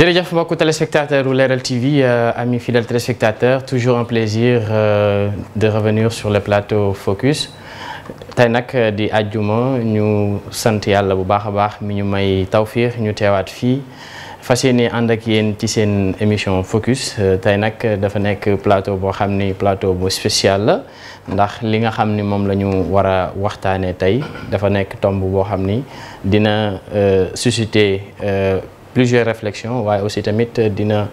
jërëjëf mbokku téléspectateur u Leral TV euh, amis fidèles téléspectateurs toujours un plaisir euh, de revenir sur le plateau Focus tey nag euh, di àjjuma ñu sant yàlla bu baax a baax mi ñu may tawfiix ñu teewaat fii fas yéene ànd ak yéen ci seen émission focus euh, tey nag euh, dafa nekk plateau boo xam ni plateau bu spécial la ndax li nga xam ni moom lañu ñu war a waxtaanee tey dafa nekk tomb boo xam ni dina susciter plusieurs réflexions waaye aussi tamit dina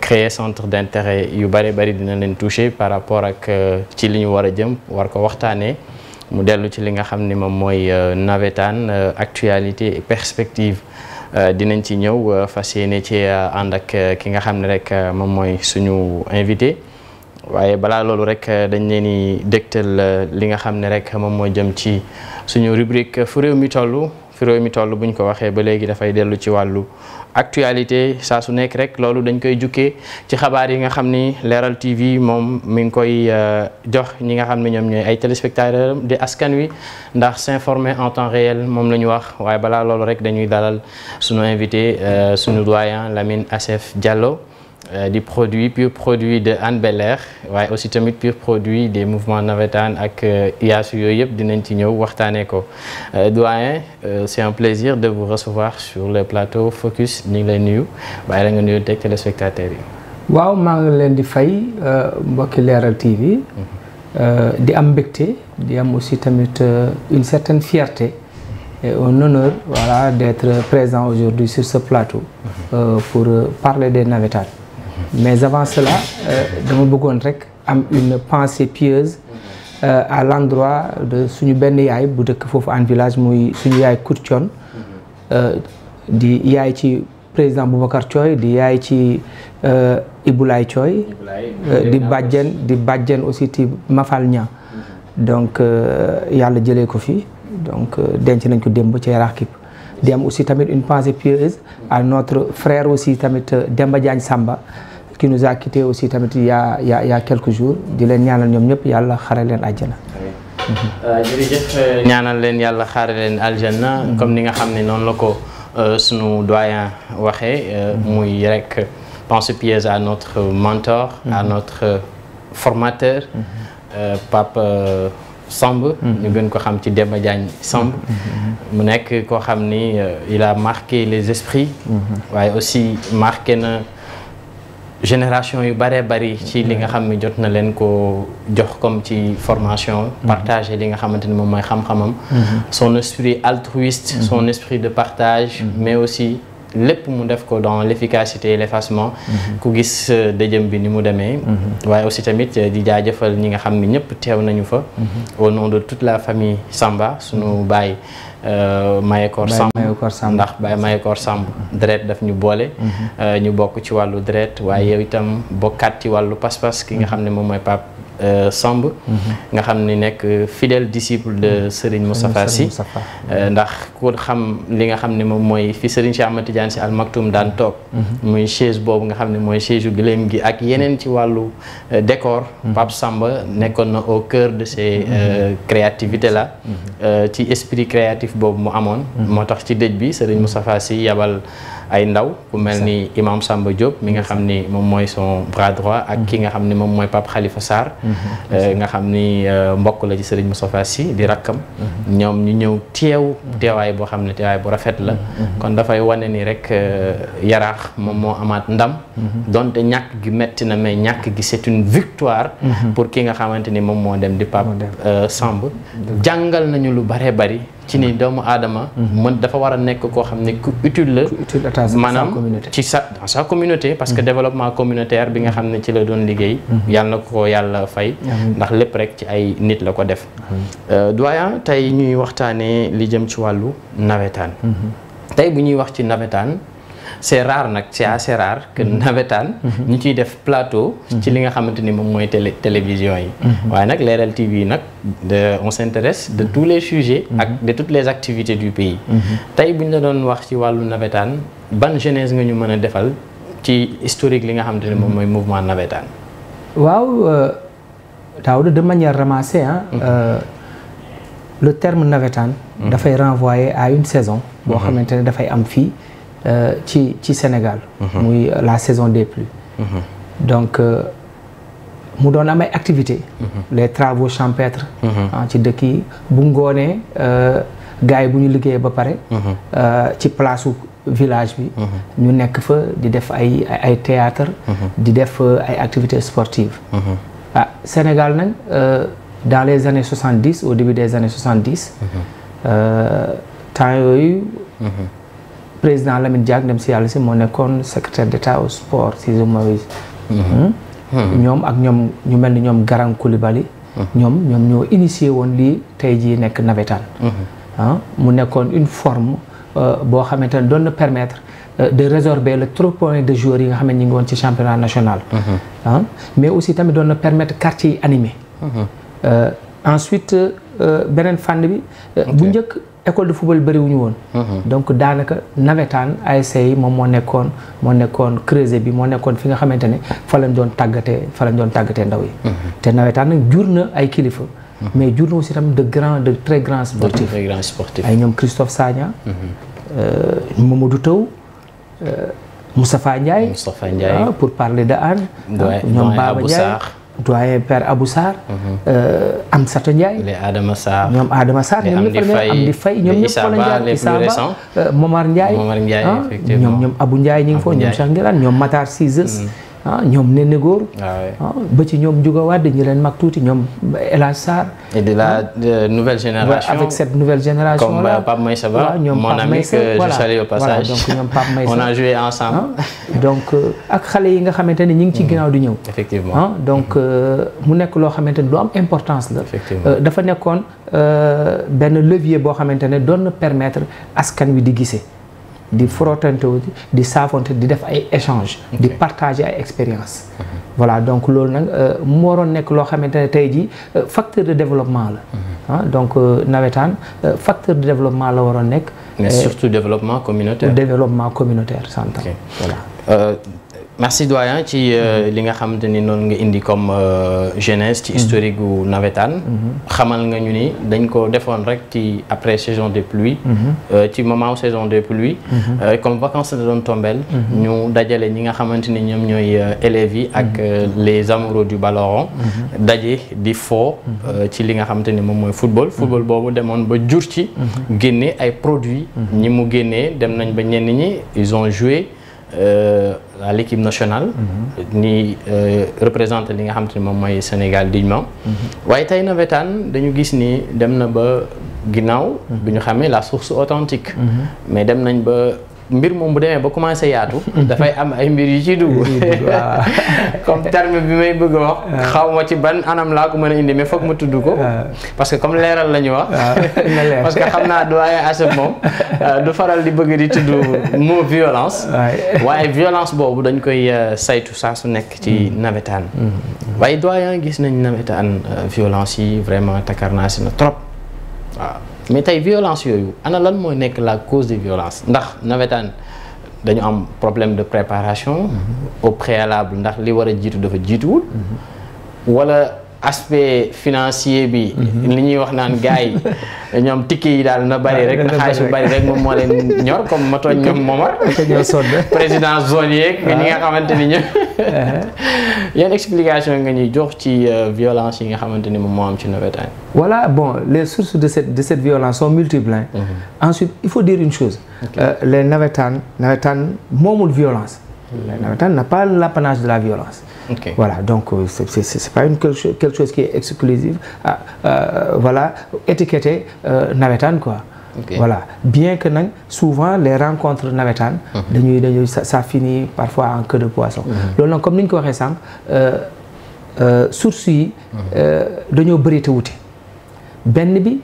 créer centre d'intérêt yu bari bari dina leen toucher par rapport ak ci li ñu war a jëm war ko waxtaanee. mu dellu ci li nga xam ni moom mooy euh, nawetaan euh, actualité et perspective euh, dinañ ci ñëw fas yéene ci ànd ak ki nga xam ne rek moom mooy suñu invité waaye balaa loolu rek dañ leen di dégtal li nga xam ne rek moom mooy jëm ci suñu rubrique fu réew mi toll fu réew mi toll buñ ko waxee ba léegi dafay dellu ci wàllu actualité saa su nekk rek loolu dañ koy jukkee ci xabaar yi nga xam ni Leral TV moom mi ngi koy euh, jox ñi nga xam ne ñoom ñooy ay téléspectateurs di askan wi ndax s'informer en temps réel moom la ñu wax waaye balaa loolu rek dañuy dalal suñu invité euh, sunu doyen Lamine Assef Diallo. Euh, di produit pur produit de Hann Bel-Air waaye aussi tamit pur produit des mouvements navétanes ak euh, IASU yooyu yëpp dinañ ci ñëw waxtaanee ko euh, doyen c'est un plaisir de vous recevoir sur le plateau Focus ñu ngi lay nuyu bàyyi la nga nuyu teg téléspectateurs yi. waaw maa ngi leen di fay mbokki Leral TV mhm. di am mbégte di am aussi tamit une certaine fierté et un honneur voilà d'être présent aujourd'hui sur ce plateau mhm. pour parler des navétanes. mais avant cela euh, dama bëggoon rek am une pensée pieuse euh, à l'endroit de suñu benn yaay bu dëkk foofu en village muy suñu yaay Kurtion euh, di yaay ci président Boubacar Thioye di yaay ci Iboulaye Thioye di bàjjen di bàjjen aussi ti Mafal Niang donc yàlla jëlee ko fi donc denc nañ ko démb ci Yaraax di am aussi tamit une pensée pieuse à notre frère aussi tamit Demba Diagne Samba qui nous a quitté aussi tamit il y a y di leen ñaanal ñoom ñëpp yàlla xare leen àjjana. Mhm. Euh, jërëjëf euh, ñaanal leen yàlla xare leen àjjana. Mhm. comme ni nga xam ne noonu la ko euh, sunu doyen waxee. Mhm. muy rek pensée pieuse à notre mentor. à notre formateur. Pape Samb. ñu gën ko xam ci Demba Diagne Samb. mu nekk koo xam ni il a marqué les esprits. waaye aussi marqué génération yu bëree bëri ci li nga xam ne jot na leen ko jox comme ci formation mhm. partager li nga xamante ne moom mooy xam-xamam mhm. son esprit altruiste mhm. son esprit de partage mais aussi lépp mu def ko dans l'efficacité et l'effacement mhm. ku gis euh, dëjëm bi ni mu demee mhm. waaye aussi tamit euh, di jaajëfal ñi nga xam ni ñëpp teew nañu fa mhm. au nom de toute la famille Samba sunu baay euh, Mayekor Samb ndax baay Mayekor Samb deret daf ñu boole ñu bokk ci wàllu deret waaye yow itam bokkaat ci wàllu pas-pas ki nga xam ne moom mooy Pape Euh, Samb nga xam ni nekk fidèle disciple de mm-hmm. Serigne Moustapha Sy euh, ndax ku xam li nga xam ne moom mooy fi Serigne Cheikh Ahmed Tidiane Sy daan toog mm-hmm. muy chaise boobu nga xam ne mooy chaise yu gëléem gi ak yeneen ci wàllu euh, décor mm-hmm. Pape Samba nekkoon na au cœur de ces créativités là ci esprit créatif boobu mu amoon moo tax ci dëj bi Serigne Moustapha si yabal ay ndaw ku mel ni imam Samba Diop mi nga xam ni moom mooy son bras droit ak mm-hmm. ki nga xam ni moom mooy Pape Khalifa Sarr mm-hmm. euh, nga xam ni euh, mbokk la ci Serigne Moustapha Sy di rakkam mm-hmm. ñoom ñu ñëw teew teewaay boo xam ne teewaay bu rafet la kon dafay wane ni rek euh, yaraax moom moo amaat ndam donte ñàkk gi metti na mais ñàkk gi c'est une victoire pour ki nga xamante ni moom moo dem di Pape Samb jàngal nañu lu bare bari ci ni doomu aadama. Mhm. mën dafa war a nekk koo xam ne ku utile la. maanaam ci sa dans sa communauté. parce que mhm. développement communautaire bi nga xam ne ci la doon liggéey. Mhm. yàlla na ko yàlla fay. ndax lépp rek ci ay nit la ko def. Euh, doyen tey ñuy waxtaanee li jëm ci wàllu nawetaan. tey bu ñuy wax ci nawetaan. c'est rare nag c'est assez mm-hmm. rare que mm-hmm. nawetaan mm-hmm. ñu ciy def plateau ci li nga xamante ni moom mooy télé télévision yi waaye nag Leral TV nag on s'intéresse de tous les sujets ak de toutes les activités du pays tey bu ñu doon wax ci wàllu nawetaan ban jeunesse nga ñu mën a defal ci historique li nga xamante ni moom mooy mouvement nawetaan waaw euh, Daouda de manière ramassée hein euh, le terme nawetaan dafay renvoyer à une saison boo xamante ne dafay am fii Euh, ci ci Sénégal. Mhm. muy euh, la saison des pluies. Mhm. donc euh, mu doon am ay activités. Mhm. les travaux champêtres. Ah, ci dëkk yi bu ngoonee gars yi bu ñu liggéeyee ba pare. ci place su village bi. ñu nekk fa di def ay ay théâtre di def ay activités sportives. ah Sénégal nag dans les années soixante dix au début des années soixante dix. temps yooyu. président Lamine Diack dem si yàlla si moo nekkoon secrétaire d'état au sport si je Moïse mhm. hmm? hmm. ñoom ak ñoom ñu mel ni ñoom Garan Koulibaly hmm. ñoom ñoom ñoo initié woon lii tey jii nekk nawetaan ah mu nekkoon une forme euh, boo xamante ne doon na permettre euh, de résorber le trop de joueurs yi nga xam ne ñu ngi woon ci championnat national ah mais tamit doon na permettre quartier yi animé euh, ensuite beneen fànn bi bu njëkk école de football bëriwuñu woon. Mhm. donc daanaka nawetaan ay yi moom moo nekkoon moo nekkoon creuser bi moo nekkoon fi nga xamante ne fa lañ doon tàggatee fa lañ doon tàggatee ndaw yi. Mhm. te nawetaan nag jur na ay kilifa. Mhm. mais jur na aussi tam de grands de très grands sportifs. ay ñoom Christophe Sagna. Euh, Mamadou Taw. Euh, Moustapha Ndiaye. Moustapha Ndiaye ah, pour parler de Hann. ñoom Baba Ndiaye doyen père Abou Sarr. Mhm. Euh, am Sata Ndiaye. les Adama Sarr ñoom Adama Sarr. ñoom ñëpp la am di fay ñoom ñëpp fa la jaar Issa Ba euh, Momar Ndiaye. Momar Ndiaye ah, effectivement ñoom ñoom ñu ngi foofu ñoom Cheikh ñoom Matar Cissé. Mhm. ah ñoom Néné Góor. Ah ah, ba ci ñoom Ndiouga Wade ñi leen mag tuuti ñoom El Hadj Sarr. de la ah. de nouvelle génération. avec cette nouvelle génération comme euh, là comme Pape Maïssa Ba. ñoom Pape Maïssa mon donc ñoom Pape Maïssa on donc euh, ak xale yi nga xamante ne ñu ngi ci mm. ginnaaw di ñëw. effectivement donc mm. euh, mu nekk loo xamante ne lu am importance la. dafa nekkoon benn levier boo xamante ne doon na permettre askan wi di gisee. di frottante wu di saafante di def ay échange di partager ay expérience mhm. voilà donc loolu nag euh, moo waroon nekk loo xamante ne tey jii euh, facteur de développement la mhm. ah donc euh, nawetaan facteur de développement la waroon nekk mais surtout développement communautaire développement communautaire santan voilà merci doyen ci euh, mhm. li nga xamante ni noonu nga indi comme jeunesse ci mhm. historique gu nawetaan mhm. xamal nga ñu ni dañ ko defoon rek ci après saison des pluies euh, ci moment saison des pluies euh, comme vacances la doon tombeel ñu dajale ñi nga xamante ni ñoom ñooy élèves yi ak les amoureux du ballon daje di fo ci li nga xamante ni moom mooy football football boobu demoon ba jur ci génne ay produits ñi mu génnee dem nañ ba ñenn ñi ils ont joué Euh, à l'équipe nationale. Mhm. ni euh, représenté li nga xam te ne moom mooy Sénégal dignement mhm. waaye tey nawetaan dañu gis ni dem na ba ginnaaw. Mhm. bi ñu xamee la source authentique mais dem nañ ba. mbir moom bu demee ba commencé yaatu. dafay am ay mbir yu ciy dugg. comme terme bi may bëgg a wax. Ah. xaw ma ci ban anam laa ko mën a indi mais foog ma tudd ko. Ah. parce que comme leeral la ñu wax. Ah, parce que xam naa doyen Asef moom euh, du faral di bëgg di tudd mot violence. waaye violence boobu dañ koy euh, saytu saa su nekk ci mm. nawetaan. Mm. Mm. waaye doyen gis nañ nawetaan euh, violence yi vraiment takar naa si na trop waaw. mais tey violence yooyu ana lan moo nekk la cause des violences ndax nawetaan dañu am problème de préparation. Mhm. au préalable ndax li war a jiitu dafa jiituwul. Mhm. wala aspect financier bi. Mhm. li ñuy wax naan gars yi ñoom tikki yi daal na bari rek ah, na xaalis bu bari rek moom moo leen ñor comme ma tooñ ñoom Momar. président zone yeeg. Ah. ñi nga xamante ni ñoom. Ah. yan explication nga ñuy jox ci euh, violence yi nga xamante ni moom moo am ci nawetaan. voilà bon les source de cette de cette violence son multiples. Mhm. ensuite il faut dire une chose. Euh, les nawetaan nawetaan moomul violence. La navétane n'a pas l'apanage de la violence. Voilà, donc euh, c'est pas une quelque chose qui est exclusive ah, euh, voilà, étiqueter euh, navétane quoi. Voilà, bien que nag souvent les rencontres navétanes mhm. dañuy dañuy sa finit parfois en queue de poisson. Mhm. Loolu nag comme ni ko waxee sànq euh, source yi mhm. dañoo bëri te wute. Benn bi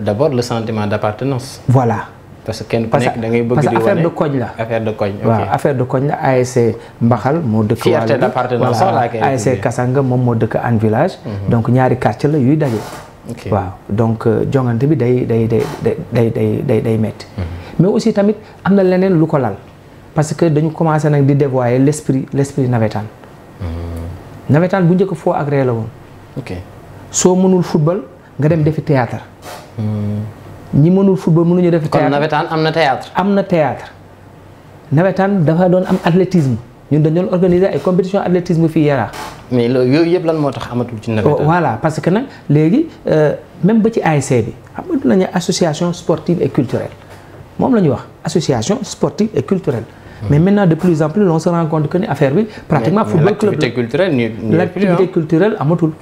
d'abord le sentiment d'appartenance. Voilà. parce que kenn ku que affaire de koñ la. affaire de koñ waaw affaire de koñ la ASC Mbaxal moo dëkk. fierté d'appartenance Kasanga moom moo dëkk Hann Village. Mhm. donc ñaari quartier la yuy daje. waaw donc euh, jongante bi day day day day day day day metti. Mhm. mais aussi tamit am na leneen lu ko lal parce que dañu commencé nag di dévoyer l' esprit l' esprit nawetaan. Mhm. nawetaan bu njëkk foo agréé la woon. soo mënul football nga dem defi théâtre. ñi mënul football mënuñu def. ñu kon nawetaan am na théâtre. am na théâtre nawetaan dafa doon am athlétisme ñun dañu doon organiser ay compétition athlétisme fii Yaraax. mais loolu yooyu yëpp lan moo tax amatul ci nawetaan. Oh, voilà parce que nag léegi euh, même ba ci ASC bi amatu nañu association sportive et moom la ñuy wax association sportive et culturelle. Hmm. mais maintenant de plus en plus on se rend compte que ni affaire bi. pratiquement football club l'activité culturelle l'activité culturelle amatul.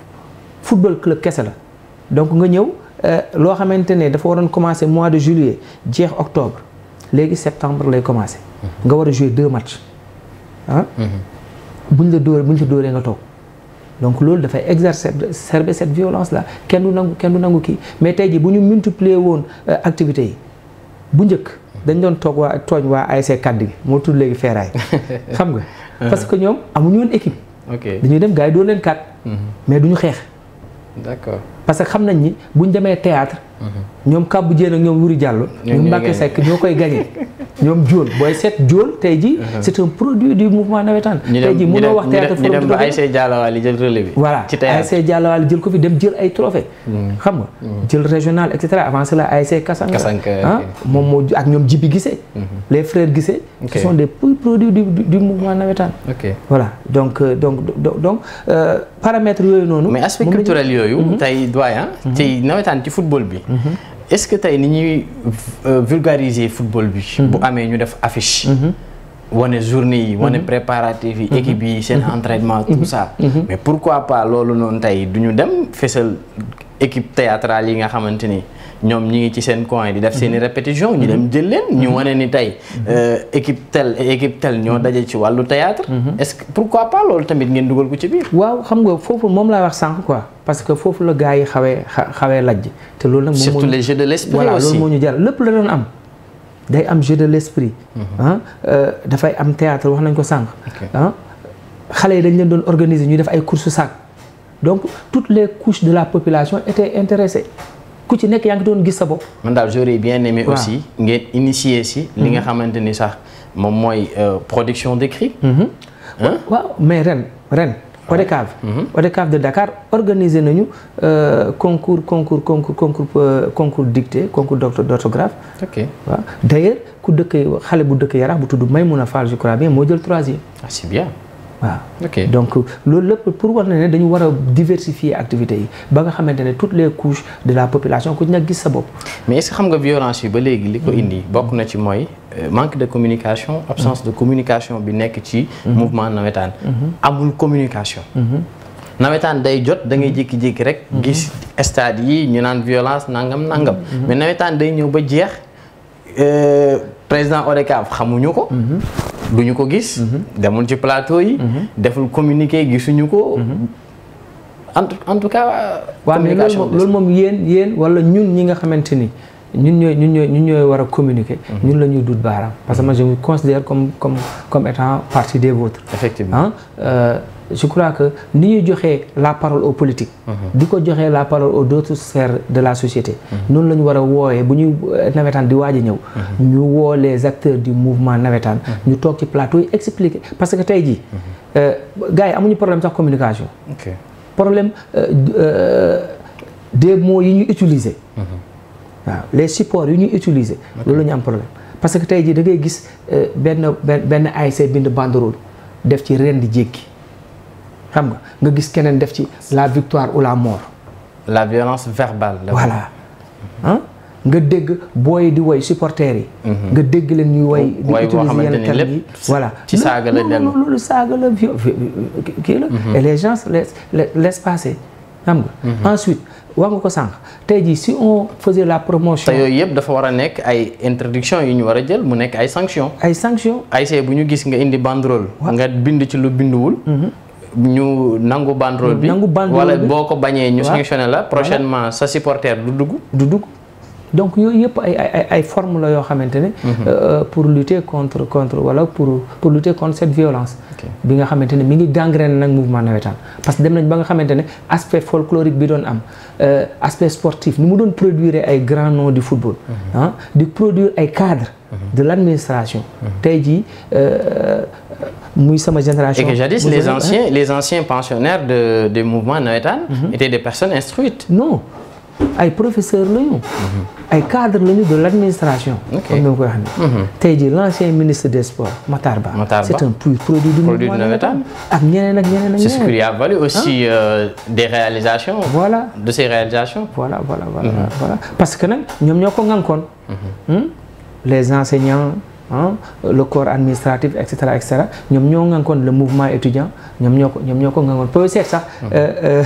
football club kese la donc nga ñëw. Euh, loo xamante ne dafa waroon commencé mois de juillet jeex octobre léegi septembre lay commencé. Mhm. nga war a jouer deux matchs ah. buñ la dóoree ñu la dóoree nga toog donc loolu dafay exacerber cette violence la kenn du nangu kenn du nangu kii mais tey jii bu ñu multiplier woon euh, activités yi bu njëkk dañ doon toog waa tooñ waa ASC kaddu gi moo tudd léegi feeraay xam nga. Uh-huh. parce que ñoom amuñu woon équipe. ok dañuy dem gars yi doon leen kat. Mhm. mais ñu xeex. d'accord parce que xam nañ ni buñ demee théâtre ñoom Kabou Dieng ak ñoom Wuri Diallo. ñoom Mbacke Seck ñoo koy gagné. ñoom Diol booy seet Diol tey jii. Uh-huh. c' est un produit du mouvement nawetaan. tey jii wax théâtre forum dem ba ASC Dialawaly jël relais bi. voilà ASC Dialawaly fi dem jël ay trophée hmm. xam nga hmm. jël régional et cetera avant cela ASC Kasanka. Kasanka ah moom moo ak ñoom Jibi Gissé. Hmm. les frères Gissé. ce sont des produits du du mouvement nawetaan. ok voilà donc euh, donc donc euh, paramètres yooyu noonu. mais aspect culturel yooyu. Mhm. tey doyen. ci mhm. nawetaan ci football bi. Mm-hmm. est-ce que tey ni ñuy euh, vulgariser football bi. Mm-hmm. bu amee ñu def affiche. Mm-hmm. wane journée yi wane préparatif yi équipe yi seen entraînement tout ça mais pourquoi pas loolu noonu tey du ñu dem fësal équipe théâtrale yi nga xamante ñoom ñi ngi ci seen coin di def seeni i mhm. répétition ñu mhm. dem jël leen ñu mhm. wane ni tey euh, équipe tel et équipe tel ñoo dajee ci wàllu théâtre est-ce que pourquoi pas loolu tamit ngeen dugal ko ci biir waaw xam nga foofu moom laa wax sànq quoi parce que foofu la gars yi xawee xawee lajj te loolu nag surtout les jeux de l'esprit voilà loolu ñu jaral lépp la doon am day am jeu de l'esprit ah euh, dafay am théâtre wax nañ ko sànq ah xale yi dañ leen doon organiser ñuy def ay course sac donc toutes les couches de la population étaient ku ci nekk yaa ngi doon gis sa bopp. man daal j'aurais bien aimé aussi ngeen initier si. li nga mhm. xamante ni sax moom mooy euh, production d'écrit. Mhm. waaw mais ren ren. ODCAV. ODCAV mhm. de Dakar organisé nañu euh, concours concours concours concours euh, concours dictée concours d'orthographe. ok waaw ku dëkk xale bu dëkk Yarax bu tudd Maymouna Fall je crois bien moo jël troisième. ah c'est bien. waaw ok donc loolu lépp pour war na ne dañu war a diversifier activités yi ba nga xamante ne toutes les couches de la population ku nekk gis sa bopp. mais est xam nga violence yi ba léegi li ko hmm. indi bokk na ci mooy euh, manque de communication absence hmm. de communication bi nekk ci hmm. mouvement nawetaan amul communication nawetaan day jot da ngay jékki-jékki rek gis stade yi ñu naan violence nangam nangam mais nawetaan day ñëw ba jeex euh, président ODCAV xamuñu ko. Mhm. ñu ko gis. Mhm. demul ci plateau yi. Mhm. deful communiqué gisuñu ko. en en tout cas. communication loolu moom yéen yéen wala ñun ñi nga xamante ni. ñun ñooy ñun ñooy ñun ñooy war a ñun la ñuy dut baaraam. parce que moi je me considère comme comme partie des vôtres. je crois que ni ñuy joxee la parole au politique di ko joxee la parole aux mhm. d'autres sphères de la société mhm. noonu la ñu war a wooyee bu ñuy euh, nawetaan di waaj a ñëw mhm. ñu woo les acteurs du mouvement nawetaan ñu toog ci plateau yi parce que tey jii euh, gars yi amuñu problème sax communication problème euh, des mots yi ñuy utiliser waaw les supports yi ñu utiliser loolu la ñu am problème parce que tey jii da ngay gis benn benn benn ASC bind banderole def ci ren di jékki xam nga nga gis keneen def ci la victoire ou la mort. la violence verbale. la voilà ah nga dégg booy di woy supporters yi. Mhm. nga dégg leen ñuy woy. di utiliser yenn termes yi voilà ci saaga la dem loolu saaga la kii la. Mhm. et les gens les laissent passer xam nga. Mhm. ensuite ko sànq tey jii si on faisait la promotion. te yooyu yëpp dafa war a nekk ay interdiction yu ñu war a jël mu nekk ay sanctions. ay sanctions. ay see bu ñu gis nga indi banderole. nga bind ci lu bind wul ñu nangu banderole bi nangu banderole bi boo ko bañee ñu sanctionné la prochainement sa supporter du dugg du dugg donc yooyu yëpp ay ay ay forme la yoo xamante ne mhm. euh, euh, pour lutter contre contre wala pour pour lutter contre cette violence bi nga xamante ne mu ngi gangrène nag mouvement nawetaan parce que dem nañ ba nga xamante ne aspect folklorique bi doon am euh, aspect sportif ni mu doon produire ay grands noms du football mhm. ah, di produire ay cadres mhm. de l'administration tey ji muy sama génération. et les anciens les anciens pensionnaires de des mouvements navétanes. Mhm. étaient des personnes instruites. non ay professeurs la ñu. Mhm. ay cadres la ñu de l' administration. comme ni ma koy waxee. Mhm. tey jii l' ancien ministre des sports Matar Ba. Matar Ba c' est un pur produit du. produit du ak ñeneen ak ñeneen ak ñeneen. c' est ce qui lui a valu aussi euh, des réalisations. voilà de ces réalisations. voilà voilà voilà. parce que nag ñoom ñoo ko ŋànkoon. Hmm? le corps administratif et cetera et cetera ñoom ñoo ngankoon le mouvement étudiant ñoom ñoo ko ñoom ñoo ko ngankoon peut-être sax mhm. euh,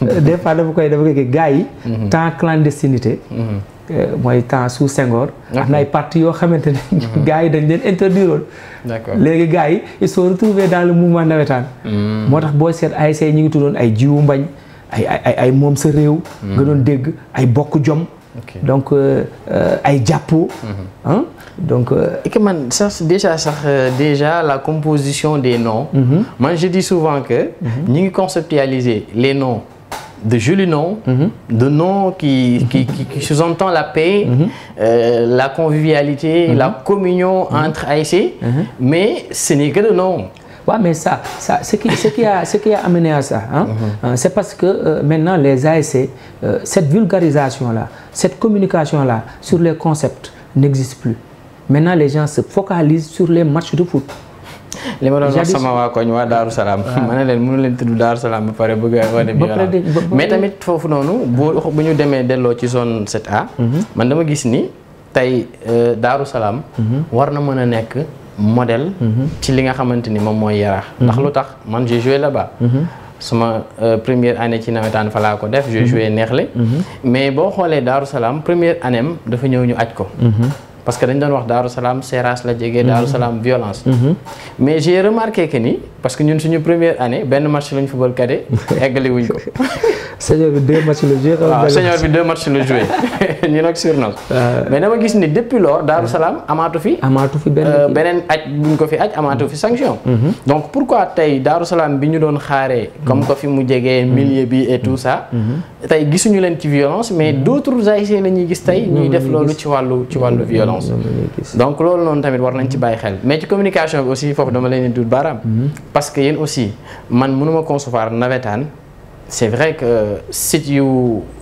euh, des fois dafa koy dafa koy gars yi mhm. temps clandestinité mhm. euh, mooy temps sous nga xam na ay parti yoo xamante ne gars yi dañ leen interdire woon léegi gars yi ils sont retrouvés dans le mouvement nawetaan moo tax booy seet ASC ñi ngi tuddoon ay jiwu mbañ ay ay ay moom sa réew nga doon dégg ay bokk jom donc euh, euh, ay jàppo mhm. donc. Euh, man sax déjà sax déjà la composition des noms. man mhm. je dis souvent que. Mhm. ñu ngi conceptualiser les noms. de jolis noms, de noms qui, qui, qui, qui la paix, mm -hmm. euh, la convivialité, la communion entre AIC, mais ce n'est que de noms. waaw mais ça ça ce qui a ce qui a amené à ça uh-huh. c'est parce que euh, maintenant les ASC euh, cette vulgarisation là cette communication là sur les concepts n'existe plus maintenant les gens se focalisent sur les matchs de foot li ma doon wax sama waa koñ waa Daaru Salaam ma ne leen mënu leen tudd Daaru Salaam ba pare bëgg a wane mais tamit foofu noonu boo bu ñu demee delloo ci zone 7A mhm. man dama gis ni tey euh, Daaru Salaam mhm. war na mën a nekk modèle mhm. ci li nga xamante ni moom mooy yara mhm. ndax lu tax man j'ai joué là-bas mhm. sama euh, première année ci nawetaan fa laa ko def j'ai neex neexle mais boo xoolee Daaru Salaam première année dafa ñëw ñu aj ko parce que dañ doon wax Daaru Salaam Seras la jege. Mhm. Daaru Salaam violence. Mhm. mais j'ai remarqué que ni parce que ñun suñu première année benn match lañ football cadet eggali wuñ ko. senior bi deux matchs la joué. waaw nag sur euh. mais dama gis ni depuis lors Daaru amaatu fi. amaatu fi euh, beneen aj buñ ko fi aj amaatu fi sanction. Mhm. donc pourquoi tey Daaru bi ñu doon xaaree. comme ko fi mu jegee milieu bi et tout tey gisuñu leen ci violence mais hmm. d' autres haïtiens la ñuy gis tey hmm. ñuy hmm. def loolu ci wàllu ci wàllu violence donc loolu noonu tamit war nañ ci bàyyi xel mais ci communication aussi foofu dama leen di du baaraam parce que yéen aussi man mënuma concevoir nawetaan c' est vrai que sites yu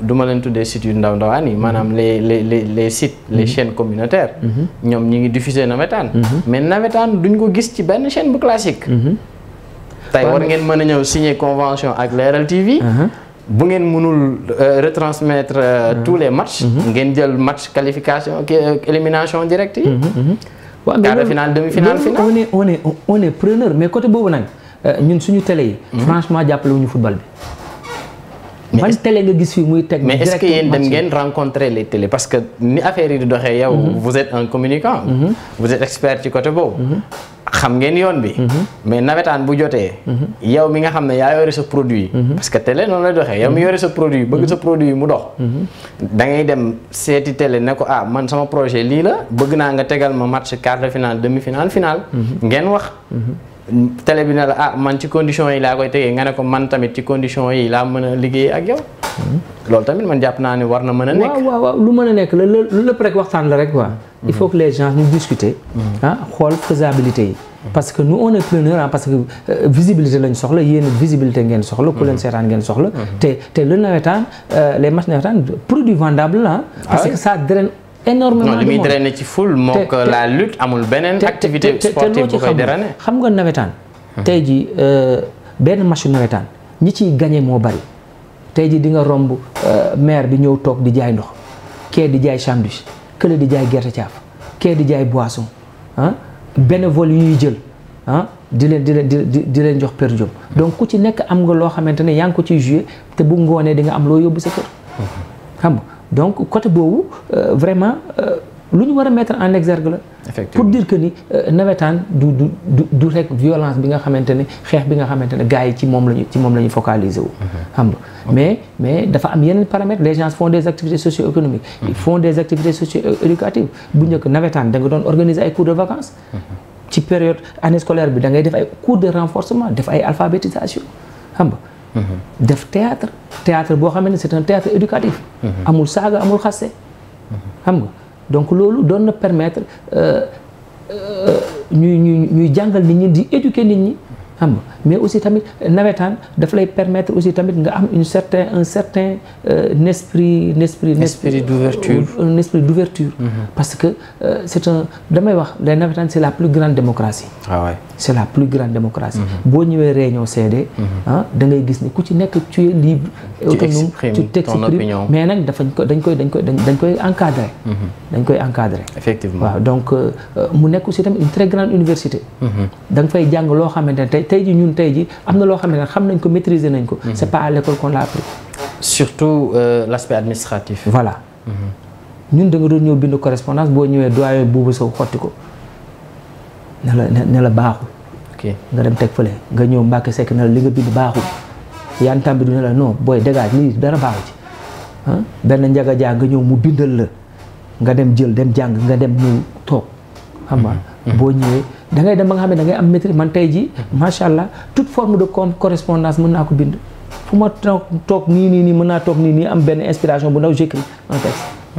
du ma leen tuddee sites yu ndaw ndawaan yi maanaam le le les les sites les chaînes communautaires ñoom ñi ngi diffuser nawetaan mais nawetaan duñ ko gis ci benn chaîne bu classique tey war ngeen mën a ñëw signer convention ak Leral TV bu ngeen mënul euh, retransmettre euh, mm-hmm. tous les matchs. Mm-hmm. ngeen jël match qualification euh, élimination directe yi. Mm-hmm, waaw mais quart de finale demi finale finale. on est preneur mais côté boobu nag ñun suñu télé yi. franchement jàppale ñu football bi. ban télé nga gis fii muy teg. mais est-ce que yéen dem ngeen rencontrer les télé parce que ni affaire yi di doxee yow. Mhm. vous êtes un communicant. Mhm. vous êtes expert ci côté boobu. Mhm. xam ngeen yoon bi. mais nawetaan bu jotee. yow mi nga xam ne yaa yore sa produit. parce que télé noonu lay doxee yow mi yore sa produit bëgg sa produit mu dox. da ngay dem seeti télé ne ko ah man sama projet lii la bëgg naa nga tegal ma match quart de finale demi finale finale. ngeen wax. télé bi ne la ah man ci condition yi laa koy tegee nga ne ko man tamit ci condition yi laa mën a liggéey ak yow. loolu tamit man jàpp naa ne war na man a nekk. waaw waaw lu mën a nekk la lu lépp rek waxtaan la rek quoi. il faut que les gens ñu discuter. Mm-hmm. ah xool faisabilité yi. Mm-hmm. parce que nous on est preneur parce que euh, visibilité lañ soxla yéen visibilité ngeen soxla. ku leen mm-hmm. seetaan ngeen soxla. te te le nawetaan euh, les matchs nawetaan produit vendable la ah parce que ça draine. énormément de monde non li ci foule moo ko la lutte amul beneen. activité sportive bu koy drainer xam nga nawetaan. Hmm. tey jii euh, benn match nawetaan ñi ciy gañe moo bari tey jii di nga romb euh, maire bi ñëw toog di jaay ndox kee di jaay sandwich kële di jaay gerte caaf kee di jaay boisson ah bénévole yuy jël ah di leen di leen di di leen jox per hmm. donc ku ci nekk am nga loo xamante ne yaa ngi ko ciy joué te bu ngoonee di nga am loo yóbbu sa kër hmm. xam nga. donc côté boobu euh, vraiment euh, lu ñu war a mettre en exergue la. pour dire que ni euh, nawetaan du du du du rek violence bi nga xamante ne xeex bi nga xamante ne gars yi ci moom lañu ci moom la ñu focaliser wu. Mhm. xam nga mais mais dafa am yeneen paramètres les gens font des activités socio-économiques. Mhm. ils font des activités socio-éducatives bu njëkk nawetaan da nga doon organiser ay cours de vacances. Mhm. ci période année scolaire bi da ngay def ay cours de renforcement def ay alphabétisation xam Mm-hmm. def théâtre théâtre boo xamante ne c'est un théâtre éducatif mm-hmm. amul saaga amul xaste mm-hmm. xam nga donc loolu doon na permettre euh, euh, ñuy ñuy ñuy jàngal nit ñi di éduquer nit ñi xam nga mais aussi tamit nawetaan daf lay permettre aussi tamit nga am une certain un certain euh, euh, un esprit un esprit esprit d'ouverture un mm-hmm. parce que euh, c'est un damay wax day nawetaan c'est la plus grande démocratie ah ouais c'est la plus grande démocratie mm-hmm. boo ñëwee réunion CD mm-hmm. ah da ngay gis ni ku ci nekk tu es libre autonome tu t'exprimes mais nag dafañ ko dañ koy dañ koy dañ koy encadré dañ koy encadré donc mu nekk aussi tamit une très grande université da nga fay jàng loo xamante ne tey tey ji ñun tey ji am na loo xam ne xam nañ ko maîtriser nañ ko. Mhm. c'est pas à l'école qu'on l'a appris. surtout euh, l'aspect administratif. voilà mhm. ñun da nga doon ñëw bind correspondance boo ñëwee doyen buubu saw xotti ko ne la ne la baaxul. nga dem teg fële nga ñëw Mbacke Seck ne la li nga bind baaxul. yaan tàmbi du ne la non booy dégage lii dara baaxu ci ah? benn njaga jaa nga ñëw mu bindal la nga dem jël dem jàng nga dem ñu toog xam nga mhm. boo ñëwee. dangay dem ba nga xam ne da am maîtrise man tey jii macha allah toute forme de correspondance mën naa ko bind fu ma toog nii nii nii mën naa toog nii nii am benn inspiration bu ndaw j'écris un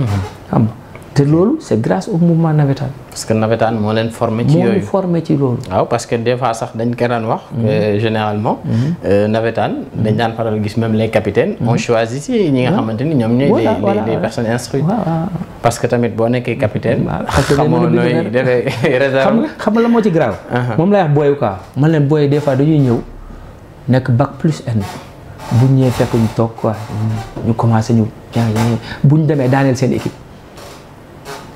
mhm. xam te loolu c' est grâce au mouvement navétane. que navétane moo leen formé. ci yooyu moo formé ci loolu. waaw parce que des fois sax dañ ko daan wax. Mhm. Euh, généralement. Mhm. Euh, navétane dañ daan faral gis même les capitaines. Mhm. on choisit ci ñi nga xamante ni ñoom ñooy. parce que tamit boo nekkee capitaine. xamoo xam nga la moo ci grave. Uh-huh. moom lay wax booyu quoi. man leen booy des fois dañuy ñëw nekk bac plus N. buñ ñëwee fekk ñu toog quoi ñu commencé ñu bu ñu demee daaneel seen équipe.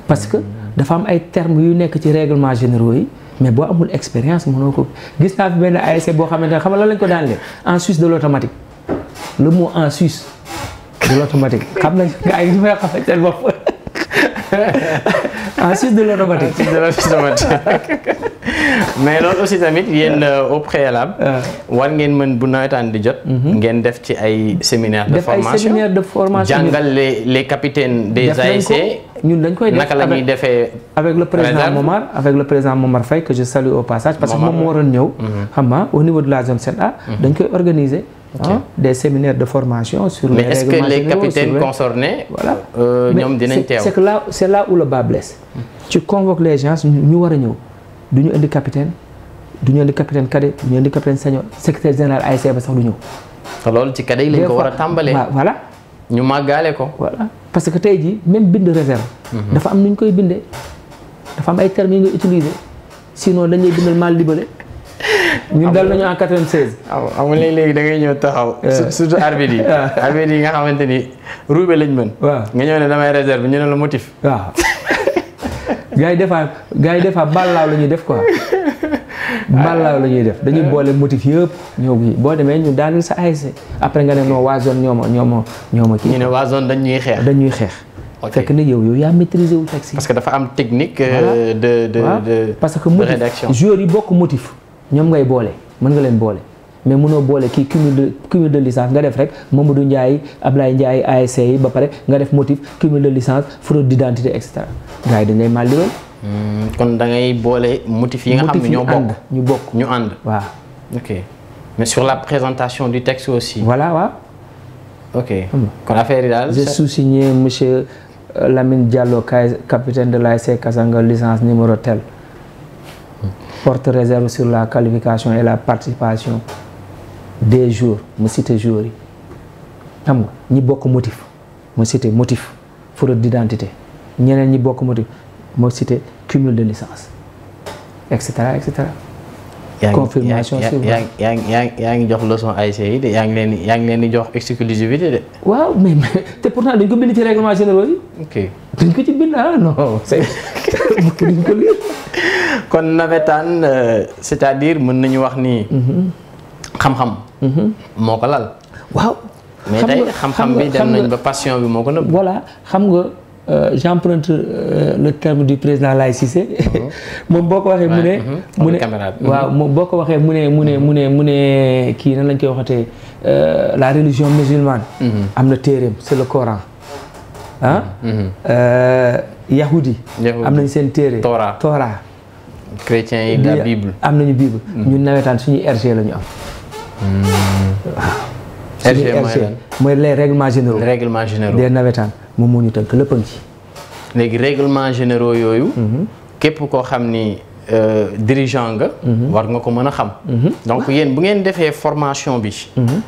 parce que dafa am ay termes yu nekk ci réglement généraux yi mais boo amul expérience mënoo ko gis naa fi benn ASC boo xamante ne xam nga lan lañ ko daan lee en sus de l' automatique le mot en sus de l' xam nañ gars yi ñu may xamal seen bopp en ah, sus de l'aromatique ah, en mais loolu aussi tamit yéen euh, au préalable. war ngeen mën bu nawetaan di jot. Mhm. ngeen def ci ay séminaire de formation def ay séminaire de formation jàngal les les capitaines des ASC. dañ koy def naka la defee. avec le président Momar avec le président Momar Faye que je salue au passage. parce que moom moo waroon ñëw. Mhm. xam nga au niveau de la zone 7A. Mhm. dañ koy organiser. okay. hein, de formation sur mais les est-ce que les euh, ñoom dinañ teew c'est que là c'est là où le bas ñu war a ñëw du ñu indi capitaine du ñu indi capitaine cadet du ñu indi capitaine senior secrétaire général ASC ba sax du ñëw te loolu ci cadet yi lañ ko war a tàmbalee voilà ñu màggaale ko voilà parce que tey ji même bind réserve mhm. dafa am nu ñu koy bindee dafa am ay termes yi nga utiliser sinon dañ bindal mal libellé ñun dal nañu en 96. waaw xam nga léegi da ngay ñëw taxaw. surtout arbitre yi. arbitre yi nga xamante ni ruube lañ mën. waaw nga ñëw ne damay réserve ñu ne la motif. waaw gaa yi defaa fois yi des fois ballaaw la ñuy def ko ballaaw la ñuy def dañuy boole motif yëpp ñëw gi boo demee ñu daanil sa ay ASC après nga ne non waa zone ñoo ma ñoo ma ñoo ma kii. ñu ne waa zone dañ ñuy xeex dañuy xeex. fekk na yow yow yaa maîtriser wu taxi. parce que dafa am technique. Euh, de de de parce que motif bokk motif. ñoom ngay boole mën nga leen boole mais mënoo boole kii cumul de cumul de licence nga def rek Mamadou Ndiaye Ablaye Ndiaye ASC yi ba pare nga def motif cumul de licence fraude d'identité et cetera gars yi dañ lay mal liwél hmm, kon da ngay boole motif yi nga xam ne ñoo ñu bokk ñu ànd waa ok mais sur la présentation du texte aussi voilà waaw ok kon affaire yi daal j'ai sous-signé monsieur euh, Lamine Diallo capitaine de l'ASC Kassanga licence numéro tel porte réserve sur la qualification et la participation des jours mu cité jours yi xam nga ñi bokk motif mu cité motif fraude d'identité ñeneen ñi bokk motif mu cité cumul de licence et cetera et cetera. confirmation sur yaa ngi yaa ngi yaa ngi jox leçon ASC yi de yaa ngi leen di yaa ngi leen di jox exclusivité de. waaw mais te pourtant dañ ko bind ci règlement général yi. ok dañ ko ci bind ah non. bukki duñ ko liir kon nawetaan euh, mën nañu wax ni. moo ko lal. waaw mais tey xam nañ ba passion bi moo ko nëbb. xam nga. Euh, j'emprunte euh, le terme du président Laye Cissé uh-huh. moom boo ko waxee mu ne uh-huh. mu ne uh-huh. waaw moom boo ko waxee mu ne mu ne mu ne mu ne kii nan lañ koy waxatee la religion musulmane am na téeréem c'est le Coran ah? yahudi am nañ seen téere Torah Torah chrétiens yi la bible am nañu bible mm. ñu nawetaan suñu RG la ñu am waaw mm. RG mooy lan mooy les règlements généraux règlements généraux des nawetaan moom moo ñu tënk lépp a ci léegi règlements généraux yooyu mm-hmm. képp koo xam ni euh, dirigeant nga mm-hmm. war nga ko mën a xam mm-hmm. donc yéen bu ngeen defee formation bi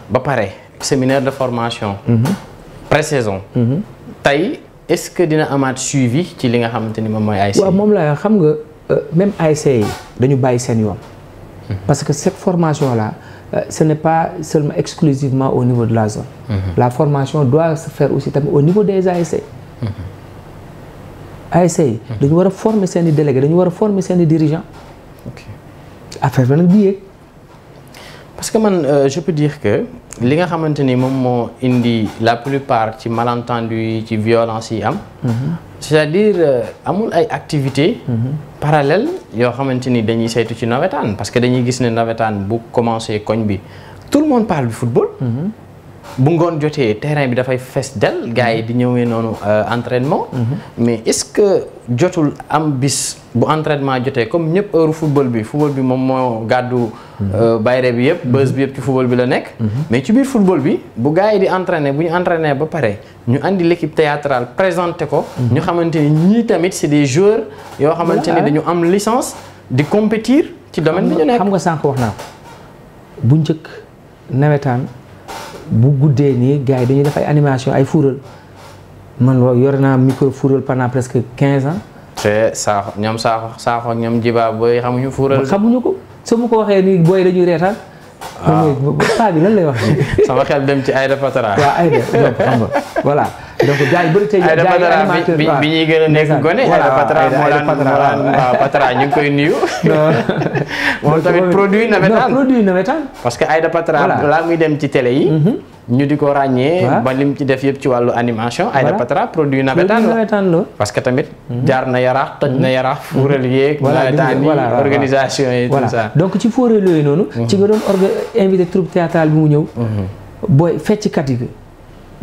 ba pare séminaire de formation pré-saison est-ce que dina amaat suivi ci li nga xamante ni moom mooy ASC waaw moom laa xam nga euh, même ASC yi dañu bàyyi seen yoon hmm. parce que cette formation là euh, ce n'est pas seulement exclusivement au niveau de la zone hmm. la formation doit se faire aussi tamit au niveau des ASC hmm. ASC yi dañu war a former seen i délégués dañu war a former seen i dirigeants affaire bi nag di parce que man euh, je peux dire que li nga xamante ni moom moo indi la plupart ci malentendu yi ci violence yi am. Mhm. c'est-à-dire euh, amul ay activités. Mhm. parallèles yoo xamante ni dañuy saytu ci nawetaan parce que dañuy gis ne nawetaan bu commencé koñ bi tout le monde parle du football. Mhm. bu ngoon jotee terrain bi dafay fes del gars yi di ñëwee noonu euh, entraînement. Mhm. mais est-ce que jotul am bis bu entraînement jotee comme ñëpp heure football bi football bi moom moo gàddu. Mhm. Euh, bayre bi yëpp buzz bi yëpp ci football bi la nekk. Mhm. mais ci biir football bi bu gars yi di entraîner bu ñu entraîner ba pare ñu andi l'équipe théâtrale présenté ko. ñu xamante ni ñii tamit c'est des joueurs. yoo xamante ni dañu am licence di compétir. ci domaine bi ñu nekk xam nga sànq wax bu njëkk nawetaan. bu guddee nii gars yi dañuy def ay animation ay fuural man loolu yore naa micro fuural pendant presque quinze ans. te saaxo ñoom saaxo saaxo ñoom jibaa booy xamuñu fuural. xamuñu ko su ma ko waxee nii booy dañuy reetaan. waaw ah. bi lan lay wax. sama xel dem ci Aïda Fatara. ay Aïda donc xam nga voilà. donc gars yi bëri tey gars yi animateur bi bi ñu ngi koy nuyu moom tamit nawetaan produit parce que Aïda Patra laa muy dem ci télé yi mhm. ñu di ko ràññee ba lim ci def yëpp ci wàllu animation Aïda Patra produit nawetaan la parce que tamit mhm. jaar na yaraax toj na mhm. yaraax fuural yeeg nawetaan yi organisation yi tout ça donc ci fuural yooyu noonu ci nga doon orga invité troupe théâtrale bi mu ñëw booy fecckat yi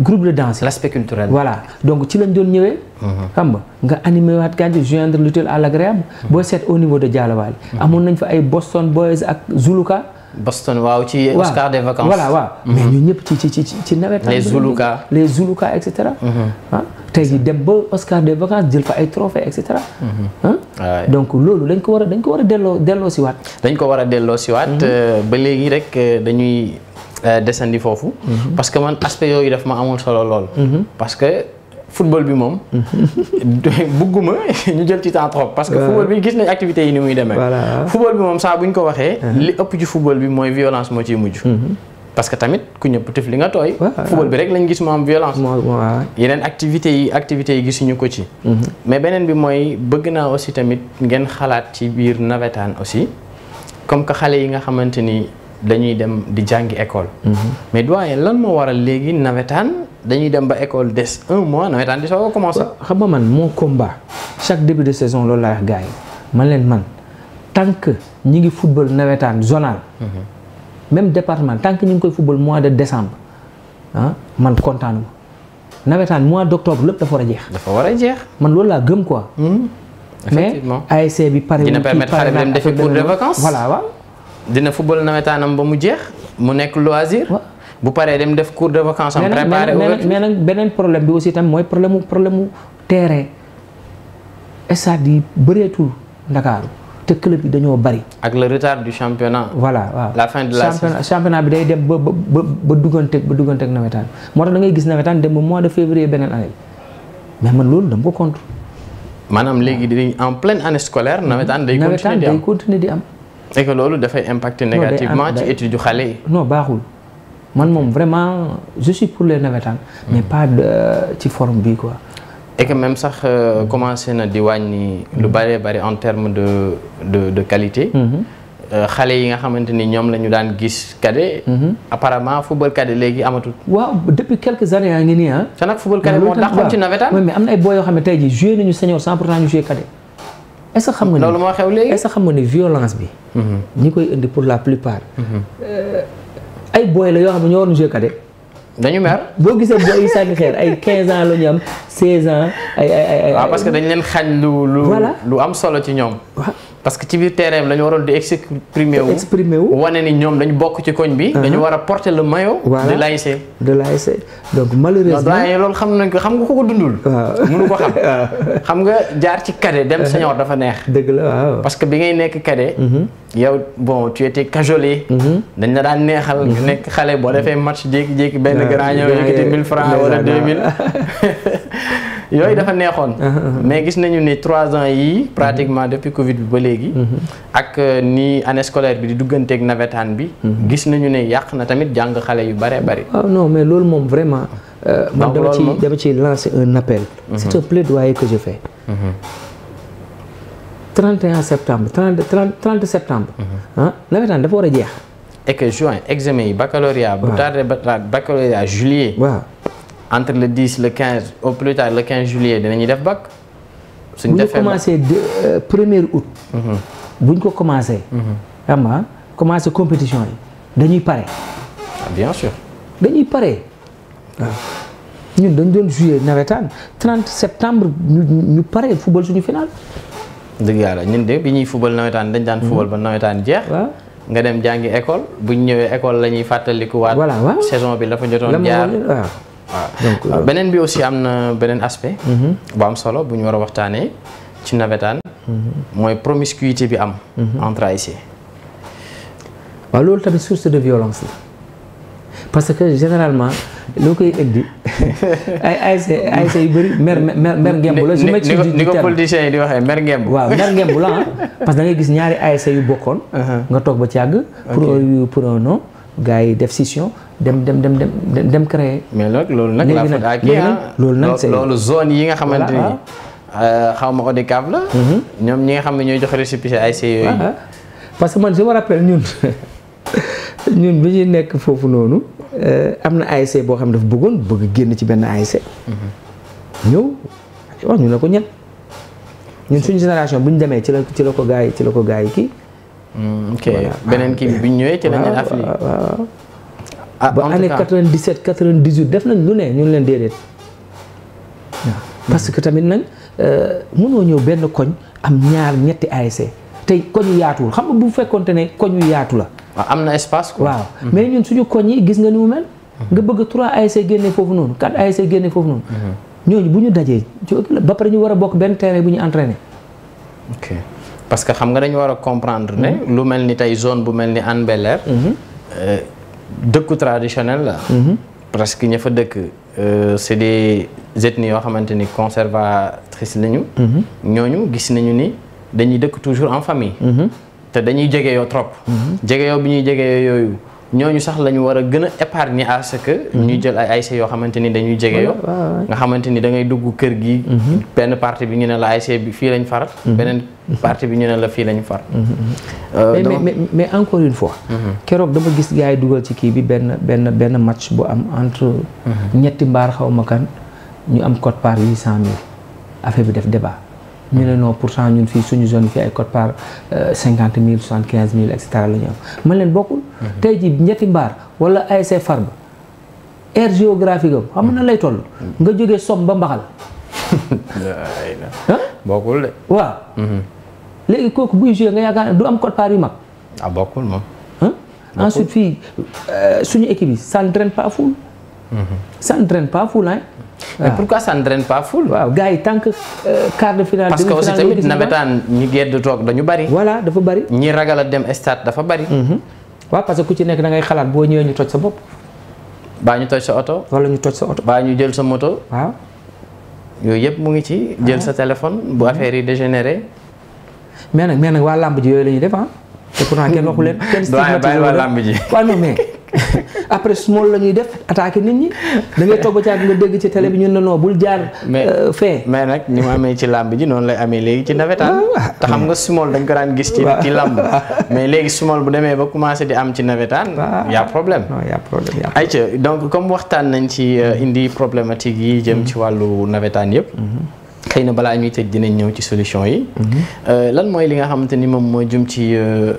groupe de danse l'aspect culturel voilà donc ci lañ doon ñëwee mhm. xam nga nga animé waat gàncax joindre l'utile à l'agréable mhm. boo seet au niveau de Dialawaly mhm. amoon nañ fa ay Boston Boys ak Zuluka Boston waaw ci Oscar des vacances mais ñu ñëpp ci nawet les Zuluka les Zuluka et cetera ah ba Oscar des vacances jël fa ay trophées et ah? donc loolu dañ ko war a a delloo si waat dañ ko war a delloo si waat euh, ba léegi rek euh, dañuy Euh, desandi foofu. parce que man aspect yooyu daf ma amoon solo lool. parce que football bi moom. bugguma ñu jël ci temps trop. parce que football bi gis nañ activité yi ni muy demee. football bi moom saa bu ñu ko waxee. Uh-huh. li ëpp ci football bi mooy violence moo ci mujj. Uh-huh. parce que tamit ku ñëpp tif li nga tooy. football bi rek lañ gis mu am violence. yeneen activités yi activités yi gisuñu ko ci. Uh-huh. mais beneen bi mooy bëgg naa aussi tamit ngeen xalaat ci biir nawetaan aussi yi nga xamante ni. dañuy dem di jàngi école. Mhm. mais doyen lan moo waral léegi nawetaan dañuy dem ba école des un mois nawetaan di soog a commencé. xam nga man moo combat chaque début de saison loolu laa wax gars yi man leen man tant que ñi ngi football nawetaan zonal. Mhm. même département tant ñu ngi koy football mois de décembre ah man kontaanu ma nawetaan mois d' octobre lépp dafa war a jeex. dafa war a jeex. man loolu laa gëm quoi. Mhm. effectivement dina permettre xale bi dem de vacances dina football nawetaanam ba mu jeex mu nekk loisir. bu paree dem def cours de vacances. am préparé mais nag beneen problème bi aussi tam mooy problème mu problème mu terrain yi bëreetul Ndakaaru te club dañoo bari. ak le retard du championnat. voilà waaw la fin de bi day dem ba ba ba ba dugganteeg ba dugganteeg nawetaan moo tax da ngay gis nawetaan dem ba mois de février beneen année mais man loolu dama ko contre. maanaam léegi di en pleine année scolaire nawetaan day. continuer di am nawetaan day continuer di am. et loolu dafay impacter négativement ci étude yu xale yi. non baaxul man moom vraiment je suis pour les navétanes. Mm. mais pas ci form bi quoi. et que même sax euh, commencé na di ni lu mm. bëree bëri en terme de de de qualité. Mm-hmm. Euh, xale yi nga xamante ni ñoom la ñu daan gis cadet. Mm-hmm. apparemment football cadet léegi amatul. waaw depuis quelques années yaa ngi nii ah. te nag football cadet moo tax ci navétane. mais am na ay boy yoo tey jii joué nañu senior sans pourtant ñu est-ce que xam nga ni loolu moo xew léegi est-ce que xam nga ni violence bi. Mhm. ñi koy indi pour la plupart. Mhm. Euh, ay booy la yoo xam ne ñoo waroon jouer cadet. dañu mer boo gisee booy yu sànni xeer ay 15 ans la ñu am 16 ans ay ay ay. waaw parce que dañu leen xañ lu lu. am solo ci ñoom. parce que ci biir terrain bi la ñu waroon di exprimer wu. exprimer wu wane ni ñoom dañu bokk ci koñ bi. dañu uh-huh. war a porter le maillot. de l'ASC de l'ASC donc malheureusement. waaye xam nañ xam nga ko ko dundul. waaw xam. nga jaar ci cadet dem uh-huh. senior dafa neex. dëgg la parce que bi ngay nekk cadet. Uh-huh. yow bon tu étais cajolé. dañ la daan neexal nga nekk xale boo defee match jékki-jékki benn grand ñëw yëkkati 1000 francs wala 2000. yooyu mhm. dafa neexoon. Mhm. mais gis nañu ne trois ans yii pratiquement depuis Covid bi ba léegi. Mhm. ak euh, ni année scolaire bi di dugganteeg nawetaan bi. gis nañu ne yàq na tamit jàng xale yu bare bari. waaw ah, non mais loolu moom vraiment. Euh, man dama ci dama ci lancer un appel. c'est un plaidoyer que je fais. 31 septembre 30 30 30 septembre. ah nawetaan dafa war a jeex. et juin examen yi baccalauréat bu tardé baccalauréat juillet. entre le 10 le 15 au plus tard le 15 juillet dinañuy def bac. suñ defee bu ñu commencé euh, mhm. ñu ko commencé. Mhm. xam nga commencé dañuy pare. ah bien sûr. dañuy pare waaw. ñun dañ doon juillet nawetaan 30 septembre ñu football suñu final. dëgg yàlla ñun de bi ñuy football nawetaan dañ daan mhm. football ba nawetaan jeex. nga dem jàngi école bu ñu ñëwee école la fàttaliku waat. saison bi dafa jotoon jaar. waaw ah, euh, beneen bi aussi am na beneen aspect. Mhm. bu am solo bu ñu war a waxtaanee ci nawetaan. Mhm. mooy promiscuité bi am. Mhm. entre ASC. loolu tamit source de violence la que généralement loo koy indi ay ASC ASC yu bëri mer mer ngemb la. su ma ci ni ko yi di waxee mer ngemb. waaw mer ngemb la ah. parce que da ngay gis ñaari ASC yu bokkoon. Uh-huh. nga toog ba ci àgg pour pour un nom yi def scission dem dem dem dem dem créer. mais nag loolu nag. la fa daa kii loolu nag loolu zone yi nga xamante ni. Ah. Euh, xaw ma ko di la. Mhm. ñoom ñi nga xam ne ñooy joxe récépissé ay see ah, ah. parce que man je me rappelle ñun ñun bi ñuy nekk foofu noonu euh, am na ASC boo xam ne dafa bëggoon bëgg génn ci benn ASC. Mhm. ñëw wax ñu ne ko ñett ñun suñu génération bu ñu demee ci la ci la ko gars yi ci la ko gars yi kii. Mm, ok beneen kii bi bu ci la ñu affilié. ah ba année 97 98 def nañ lu ne ñu leen déedéet waaw hmm. parce que tamit nag euh, mënoo ñëw benn koñ am ñaar ñetti ASC tey koñu yaatuwul xam nga bu fekkonte ne koñu yaatu la. Ah, am na espace quoi. waaw hmm. mais ñun suñu koñ yi gis nga ni mu mel. Hmm. nga bëgg trois 3 ASC génne foofu noonu 4 ASC génne foofu noonu. ñooñu bu ñu dajee ba pare ñu war a bokk benn terrain bu ñu entraîné. parce que xam nga dañu war a comprendre ne. lu mel ni tey zone bu mel ni Hann dëkku traditionnel la. Mhm. presque ña fa dëkk euh, c'est des ethnies yoo xamante ni conservatrices nañu mhm. ñooñu gis nañu ni dañuy dëkk toujours en famille. Mhm. te dañuy jegeyoo trop. jegeyoo bi ñuy jegeyoo yooyu. ñooñu sax la ñu war a gën a épargner à ce que. Mhm. ñuy jël ay ASC yoo xamante ni dañuy jege yoo nga xamante ni da ngay dugg kër gi. Mhm. benn partie bi ñu ne la ASC bi fii lañ faral mhm. beneen partie bi ñu ne la fii lañ far. Euh, mais mais encore une fois. keroog dama gis gars yi dugal ci kii bi benn benn benn match bu am entre. ñetti mbaar xaw ma kan ñu am cote part huit cent affaire bi def débat. ñu ne non pourtant ñun fii suñu zone fi fii ay code par euh, cinquante mille soixante quinze mille et cetera la ñu am man leen bokkul. Mhm. tey jii ñetti mbaar wala ASC Farba am na lay toll. nga jógee Somme ba Mbaxal. bokkul de. waaw. Mhm. léegi kooku buy joué du am code part yu mag. Ah, bokkul moom. ensuite fii euh, suñu équipe yi ça ne draine pas foule. Mhm. ça ne draine pas mais pourquoi ça ne draine pas foule. waaw gars yi tant que euh, quart de finale. parce que aussi tamit nawetaan ñu gedd toog dañu bari. voilà dafa bari. ñi ragal a dem stade dafa bari. Mhm. waaw parce que ku ci nekk da ngay xalaat boo ñëwee ñu toj sa bopp. baa ñu toj sa oto. wala ñu toj sa oto. baa ñu jël sa moto. waaw. yooyu yëpp mu ngi ci. jël ah. sa téléphone bu affaire yi dégénéré. mais nag mais nag waa làmb ji yooyu lañu ñuy def ah. te pourtant kenn mm. waxu leen kenn stigmatisé waa làmb ji waaw non après small la ñuy def attaqué nit ñi da toog ba caag nga dégg ci télé bi ñun ne non bul jaar. Euh, fee mais nag ni mu amee ci làmb ji noonu lay amee léegi ci nawetaan. Ah, ah. te xam nga small dañ ko daan gis. ci ci làmb mais léegi small bu demee ba commencé di am ci nawetaan. Ah. y' a problème non y' a problème ayca donc comme waxtaan nañ ci euh, indi problématique yi jëm mm. ci wàllu nawetaan yëpp. Mm-hmm. xëy na balaa ñuy tëj dinañ ñëw ci solution yi. Euh, lan mooy li nga xamante ni moom moo jëm ci euh,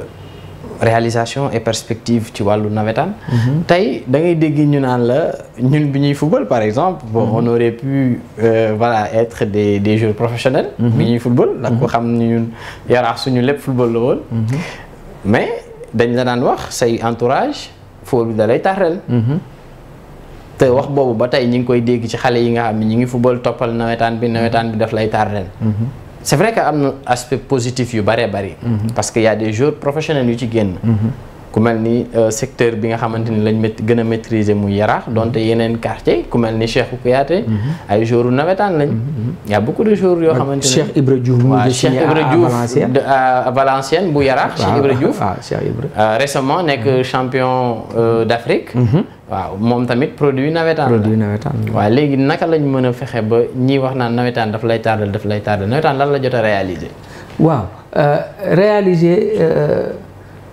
réalisation et perspective ci wàllu nawetaan. Mhm. tey da ngay dégg ñu naan la ñun bi ñuy football par exemple. bon mhm. on aurait pu euh, voilà être des des joueurs professionnels. Mhm. bi ñuy football. ndax ko xam ni ñun yaraax suñu lépp football la woon. mais dañ la daan wax say entourage football bi da te wax boobu ba tey ñi ngi koy dégg ci xale yi nga xam ne ñi ngi football toppal nawetaan bi nawetaan bi daf lay tardel mm-hmm. c'est vrai que am na aspect positif yu bëree bëri mm-hmm. parce que y a des joueurs professionnels yu ci génn mm-hmm. ku mel ni euh, secteur bi nga xamante ni lañ gën a maîtriser mu yaraax donte yeneen quartier ku mel ni Cheikhou Kouyaté ay joueurs nawetaan lañ y bu beaucoup de yoo xamante ne Cheikh Ibra Diouf waaw Cheikh Ibra Diouf à Valenciennes bu yaraax Cheikh ah, Ibra ah, Diouf ah, euh, récemment nekk champion euh, d'Afrique waaw moom tamit produit nawetaan produit nawetaan waaw léegi naka lañ mën a fexe ba ñii wax naan nawetaan daf lay tardal daf lay tardal nawetaan lan la jot a réaliser. waaw euh, réaliser. Euh,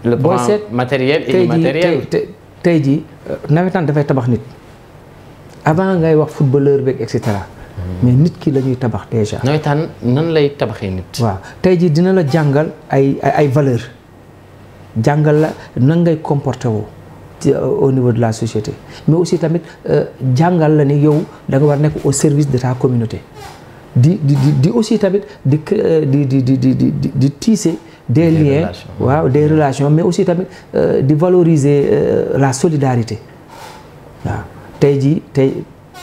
le plan matériel et jii euh, nawetaan dafay tabax nit. avant ngay wax footballeur beeg et cetera. Hmm. nit ki la ñuy tabax déjà. nawetaan nan lay tabaxee nit. waaw tey jii dina la jàngal ay ay valeur jàngal la nan ngay comporté woo. Euh, au niveau de la société mais aussi tamit euh, jàngal la ni yow da nga war nekk au service de ta communauté di di di aussi tamit euh, di di di di di di di tisser waaw des relation mais aussi tamit di valoriser la solidarité waaw tey jii tey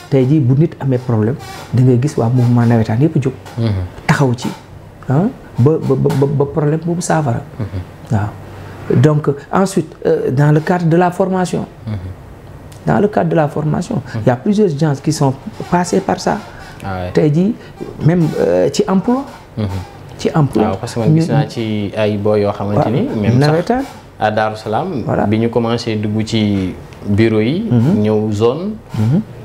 tey jii bu nit amee problème da ngay gis waa mouvement nawetaan yëpp jóg mm-hmm. taxaw ci ah ba ba ba problème boobu saafara mm-hmm. waaw donc ensuite euh, dans le cadre de la formation mm-hmm. dans le cadre de la formation mm-hmm. il y a plusieurs gens qui sont passés par ça ah te jii même euh, ci emploi mm-hmm. ci emploi ah, parce que man gis ci ay boy yoo xamante ni même sax à Darou bi ñu commencé dugg ci bureau yi ñëw zone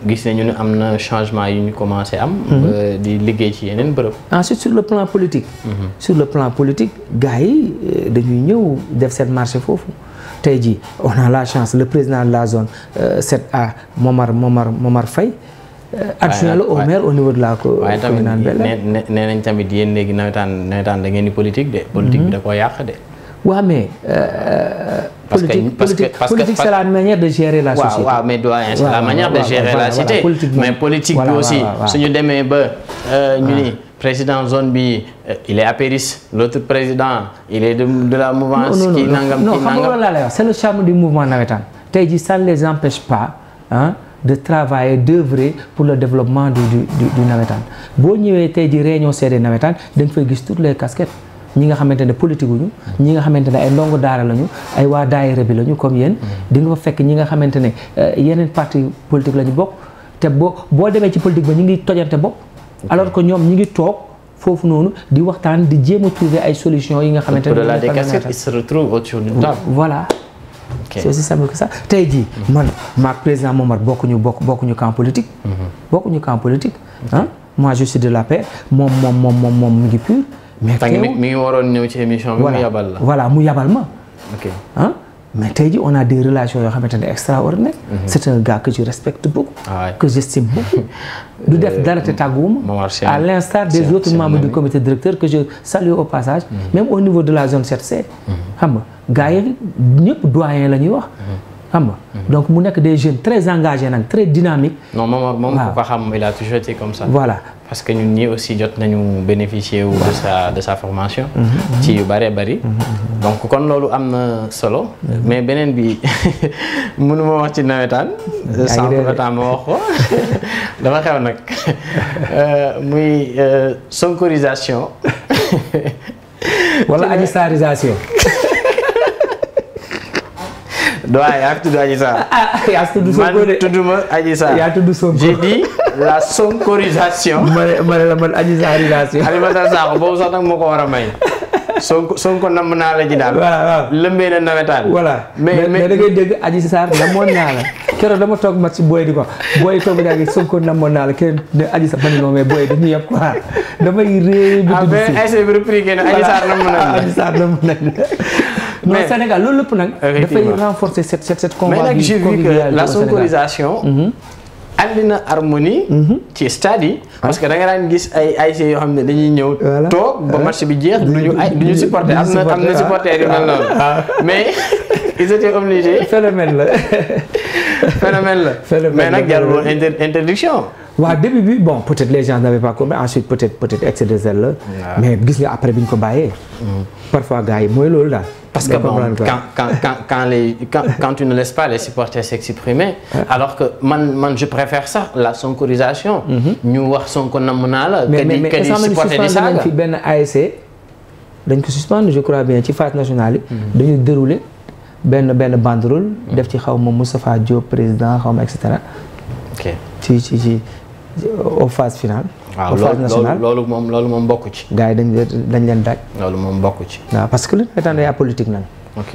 gis nañu ne am na changement commencé am. Mhm. di liggéey ci yeneen bërëb. ensuite sur le plan politique. Mhm. sur le plan politique gars yi euh, dañuy ñëw def seen marché foofu. tey ji on a la chance le président de la zone 7A euh, Momar Momar Momar Faye. Euh, adjoint la au maire au niveau de la. waaye ne nee nañ tamit yéen léegi nawetaan nawetaan da ngeen di politique de. Mhm. politique bi da koo de. waaw mais politique parce que parce c'est la manière de gérer la société. mais doyen c'est la bi aussi suñu demee ba euh, ñu ni ah. président zone bi euh, il est apériste l'autre président il est de de la mouvance. nangam non c'est le charme du mouvement navétane tey jii ça de travailler d'œuvrer pour le développement du du du navétane boo réunion CD navétane da nga fay toutes les casquettes. ñi nga xamante ne politique wuñu ñi nga xamante ne ay ndongo daara lañu ay waa daayira bi lañu comme yéen mm-hmm. di nga fa fekk ñi nga xamante ne eh, yeneen parti politique lañu bokk te boo boo demee ci politique ba ñu ngi tojante bopp alors que ñoom ñi ngi toog foofu noonu di waxtaan di jéem a trouver ay solutions yi nga xamante ne la décassure il se retrouve autour d'une table voilà c'est aussi tey jii mm-hmm. man maag président Momar bokkuñu bokk bokkuñu camp mm-hmm. bokkuñu camp politique de la paix moom moom moom moom moom mu ngi pur mais teewul mi ngi waroon ci émission bi mu yabal la voilà mu yabal ma. ok ah mais tey jii on a des relation yoo xamante ne extraordinaire. Mhm. c' est un gars que je respecte beaucoup. Ah que j' beaucoup. du euh, def dara te tàgguwuma. à l' instar des autres membres du comité directeur que je salue au passage. Mhm. même au niveau de la zone 7C. Mhm. xam nga gars yi ñëpp doyen la ñuy wax. xam nga donc mu nekk des jeunes très engagés nag très dynamiques. non moom moom ku ko xam il a toujours été comme ça. voilà parce que ñun ñi aussi jot nañu bénéficier wu de sa de sa formation. Mm-hmm, mm-hmm. ci yu bëree bëri. Mm-hmm, donc kon loolu am na solo. mais beneen bi mënuma wax ci nawetaan. sans pour autant ma wax ko dafa xew nag euh, muy euh, sonkorisation. wala aji saarisation. Ah, tudduma aji yaa tudd Sonko j'ai la sonkorisation. ma ne ma ne la man aji saarisation. Alimata Sakho a la ji daal. waaw waaw lëmbee na nawetaan. voilà da ngay dégg aji saar namoon naa la. keroog dama toog match booy di ko booy ma ne la aji na la. mais non Sénégal loolu lépp nag. dafay renforcer cette cette cette. convivialité mais nag la sonkorisation. Mhm. andi na harmonie. Mhm. ci stade yi. parce que da nga daan gis ay ay yoo xam ne dañuy ñëw. toog ba match bi jeex du ñu ay du ñu supporter am na am na supporter yu mel ah. mais ils étaient obligés. phénomène la. phénomène la mais nag jarul interdiction. waa début bi bon peut-être les gens n'avaient pas compris ensuite peut-être peut la. mais gis nga après bi ñu ko bàyyee. Mm. parfois gars yi mooy loolu daal. Parce que bon, quand, quand, quand, quand, les, quand, tu ne laisses pas les supporters s'exprimer, alors que man, man, je préfère ça, la sonkorisation. Nous voir son qu'on a monal, que des que des supporters des sagas. Ben ASC, dañ ko suspendre je crois bien ci phase nationale bi. Mhm. dañu dérouler benn benn banderole. Mhm. def ci xaw ma Moustapha Diop président xaw ma et ci ci ci au phase finale. waaw loolu loolu moom loolu moom mbokku ci. gars yi dañ dañ leen daaj. loolu moom bokku ci. waaw parce que lu nawetaan day apolitique nag. ok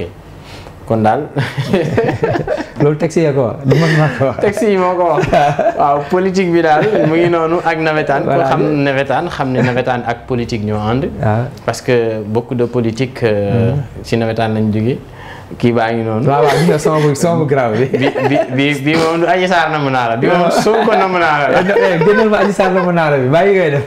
kon daal. loolu taxi ya ko wax du man maa ko waaw politique bi daal mu ngi noonu ak nawetaan. voilà xam nawetaan xam ne nawetaan ak politique ñoo ànd. Ah. parce que beaucoup de politique. Euh, mm-hmm. ci nawetaan lañ jóge kii baa ngi noonu. waaw waaw gis nga sama bu sama bu garaaw bi. bi bi bi bi moom Adji Sarr namm naa la bi moom Sonko namm naa la. Eh, gënal ma Adji Sarr namm naa la bi bàyyi ngay def.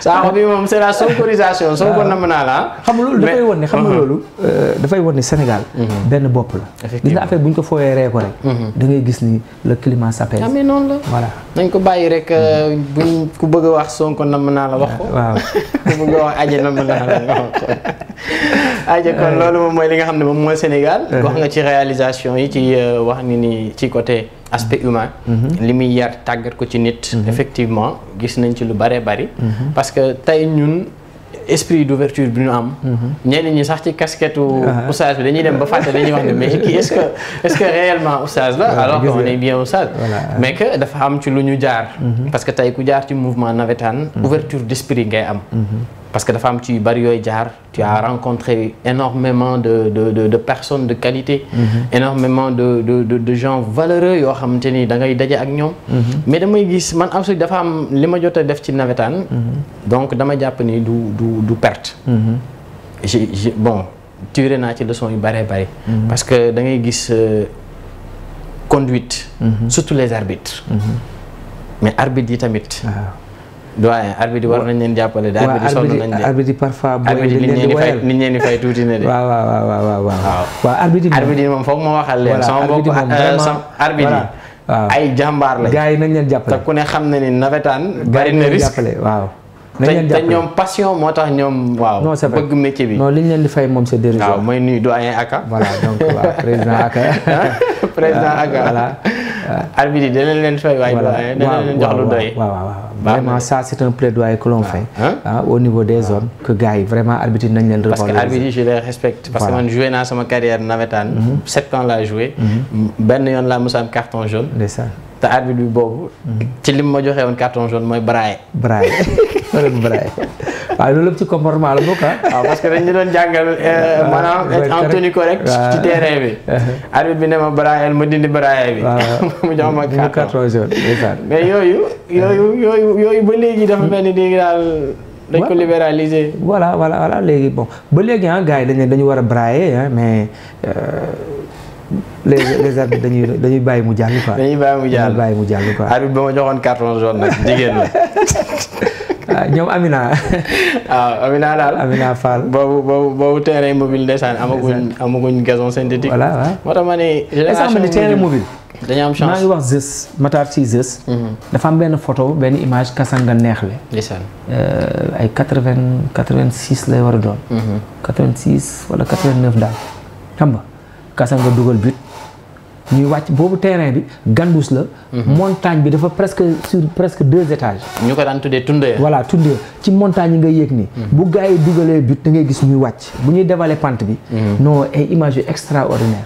saako bi moom c'est la sonkorisation sonko ah. nam naa la xam nga loolu dafay wan ne xam nga uh-huh. loolu euh, dafay wan Sénégal mm-hmm. benn bopp la gis nga bu ñu ko fooyee ree ko rek mm-hmm. da ngay gis ni le climat s'apaise amee ah, noonu voilà nañ ko bàyyi rek euh, mm-hmm. buñ ku bëgg ku bëgg a wax aje nam naa la wax ko aje ah, kon euh. loolu moom mooy li nga xam ne moom mooy Sénégal wax nga ci réalisation yi ci wax ni ni ci côté aspect humain mhm. li muy yar tàggat ko ci nit mhm. effectivement gis nañ ci lu bare bari mhm. parce que tey ñun esprit d'ouverture bi ñu am ñenn ñi sax ci casquette ah. oustaz bi dañuy dem ba fàtte dañuy wax ne mais kii est-ce que est-ce que réellement oustaz la ah, mais que dafa am ci lu ñu jaar parce que tey ku jaar ci mouvement navétane ouverture d'esprit ngay am parce que dafa am ci yu bari yooy jaar tu as rencontré énormément de de de, de personnes de qualité. Mm énormément de de de de gens valeureux yoo xamante ni dangay daje ak ñoom. Mm-hmm. mais damay gis man am dafa am li ma jot a def ci nawetaan. Mm-hmm. donc dama jàpp ni du du perte. j'ai bon tiré naa ci leçon yu bëree bëri. parce que da ngay gis euh, conduite. surtout les arbitres. Mm mais arbitres yi tamit. Ah. doyen arbitre war nañ leen jàppale. waaw arbitre arbitre parfois. booy di leen di wayal nit ñeen di fay tuuti na de. waaw waaw waaw waaw waaw. waaw arbitre moom foog ma waxal leen. sama mbokk euh, arbitre ay jàmbaar lañ. gaa yi nañ leen jàppale te ku ne xam na ni nawetaan. bari na risque waaw. te ñoom passion moo tax ñoom. waaw bëgg métier bi. non li ñu leen di fay moom c'est dérisoire. waaw mooy nuyu doyen Aka. président Aka. président Aka Euh, arbitre yi danañ leen fay waaye danañ leen jox lu doy waaw waaw vraiment ça c' est un plaidoyer que l'on fait ah au niveau des zones que gars yi vraiment arbitre yi nañ leen revaloriser parce que arbitre yi je les respecte parce que man joué naa sama carrière nawetaan mhm. sept ans laa joué mhm. benn yoon laa mos am carton jaune ndeysaan te arbitre bi boobu mhm. ci li ma joxee woon carton jaune mooy braille braille braille waaye loolu lépp ci comportement la bokk ah. waaw parce que dañ doon jàngal eh, ah, maanaam être en rek correct ci ah. terrain bi. Uh-huh. arbitre bi ne ma braille ma dindi braille bi. Ah. mu jox ma carton carton mais yooyu. yooyu uh-huh. yooyu yooyu ba léegi dafa mel ni léegi daal. dañ ko libéraliser. léegi bon ba léegi ah yi dañu dañu war a brailler ah mais. Euh, les les arbitres dañuy dañuy bàyyi mu jàll quoi. dañuy bàyyi mu jàll dañuy mu jàll quoi. arbitre ba ma joxoon carton jaune nag jigéen Ah, ñoom Amina. waaw ah, Amina daal Amina Fall. boobu boobu boobu mobile ndeysaan amaguñ amaguñ gazon synthétique. voilà waaw moo tax ma ne. génération mobile. dañu am chance maa ngi wax Zeus si Zeus. Mhm. dafa am benn photo benn image Kasanga neexle. ndeysaan. Euh, ay quatre vingt quatre lay war a doon. Mhm. quatre vingt six wala quatre vingt xam nga Kasanga dugal but. ñuy wàcc boobu terrain bi gandus la. Mhm. montagne bi dafa presque sur presque deux étages. ñu ko daan tuddee tundee. voilà tundee ci montagne yi nga yéeg nii. Mhm. bu gars yi dugalee but da ngay gis ñuy wàcc bu ñuy dévaler pant bi. Mhm. non ay images extraordinaire.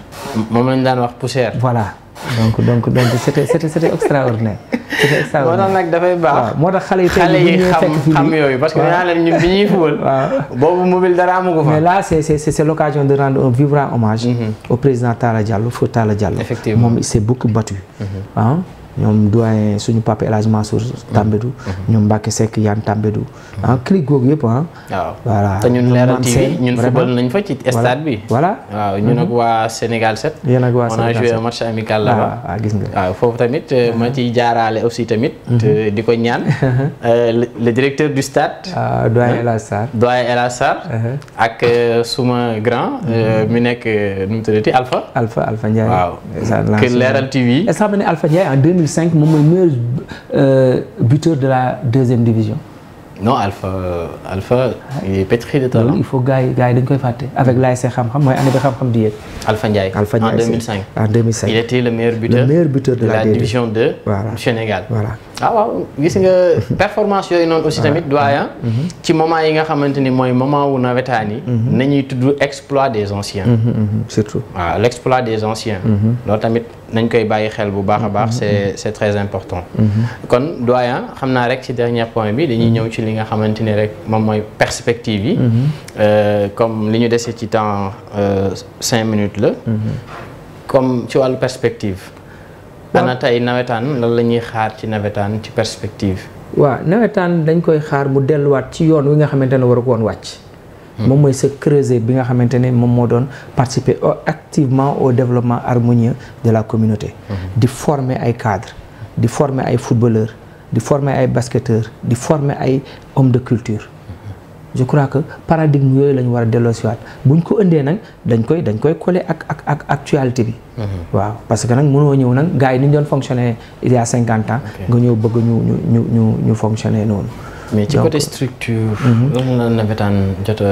moom lañ daan wax poussière. voilà. donc donc donc c'était c'était extraordinaire c'était extraordinaire. moo tax nag dafay baax moo tax xale yi. xale yi xam yooyu parce que nee boobu mobile dara amu ko fa. mais là c'est c'est l'occasion de rendre un vibrant hommage. Mm-hmm. au président a Diallo feu Talla Diallo. effectivement moom il s'est beaucoup ñoom doyen suñu papa El Hadj Mansour Tambédou mm-hmm. ñoom Mbacke Seck Yann Tambédou mm-hmm. ah clique googu yëpp ah waaw voilà te ñun Leral TV ñun football nañ fa ci stade bi voilà waaw ñun ak mm-hmm. waa Sénégal 7 yéen ak waa Sénégal 7 on a joué un match ah, ah, gis nga waaw foofu tamit euh, ma ah. ciy jaaraale aussi tamit di ko ñaan uh-huh. euh, le directeur du stade doyen El Hadj Sarr doyen El uh-huh. ak euh, suma grand mu nekk nu mu tuddati alfa Alpha Alpha Ndiaye waaw TV est-ce ne Alpha Ndiaye en 2000 2005 moom mooy meilleur euh, buteur de la deuxième division. non Alpha Alpha il est pétri de talent. il faut gars yi gars yi dañu koy fàtte avec l'ASC xam-xam mooy année bi xam-xam di yéeg. Alpha Ndiaye Alpha Ndiaye en 2005 en 2005. il était le meilleur buteur le meilleur buteur de la, de la division 2. voilà Sénégal voilà. ah waaw gis nga performance yooyu noonu aussi tamit doyen ah. ci moment yi nga xamante ni mooy moment wu na nawetaan yi mhm. nañuy tudd exploit des anciens mhm, mhm, surtout waaw l' des anciens loolu tamit nañ koy bàyyi xel bu baax a baax c'est c' est très important kon doyen xam naa rek ci dernier point bi dañuy ñëw ci li nga xamante ni rek moom mooy perspective yi euh, comme li ñu dese ci temps euh, cinq minutes la comme ci wàllu perspective ana tey nawetaan lan la ñuy xaar ci nawetaan ci perspective. waaw nawetaan dañ koy xaar mu delluwaat ci yoon wi nga xamante ne waru ko woon wàcc. Hmm. moom mooy sa creuser bi nga xamante ne moom moo doon participer activement au développement harmonieux de la communauté. Hmm. di former ay cadre di former ay footballeurs di former ay basketteurs di former ay hommes de culture. je crois que paradigme yooyu la ñu war a delloosiwaat buñ ko ëndee nag dañ koy dañ koy coller ak ak ak actualité bi. Mhm. waaw parce que nag mënoo ñëw nag gars yi ni ñu doon fonctionner il y nga ñëw bëgg ñu ñu ñu ñu ñu fonctionner noonu. mais ci côté structure. Mhm. lan la nawetaan jot a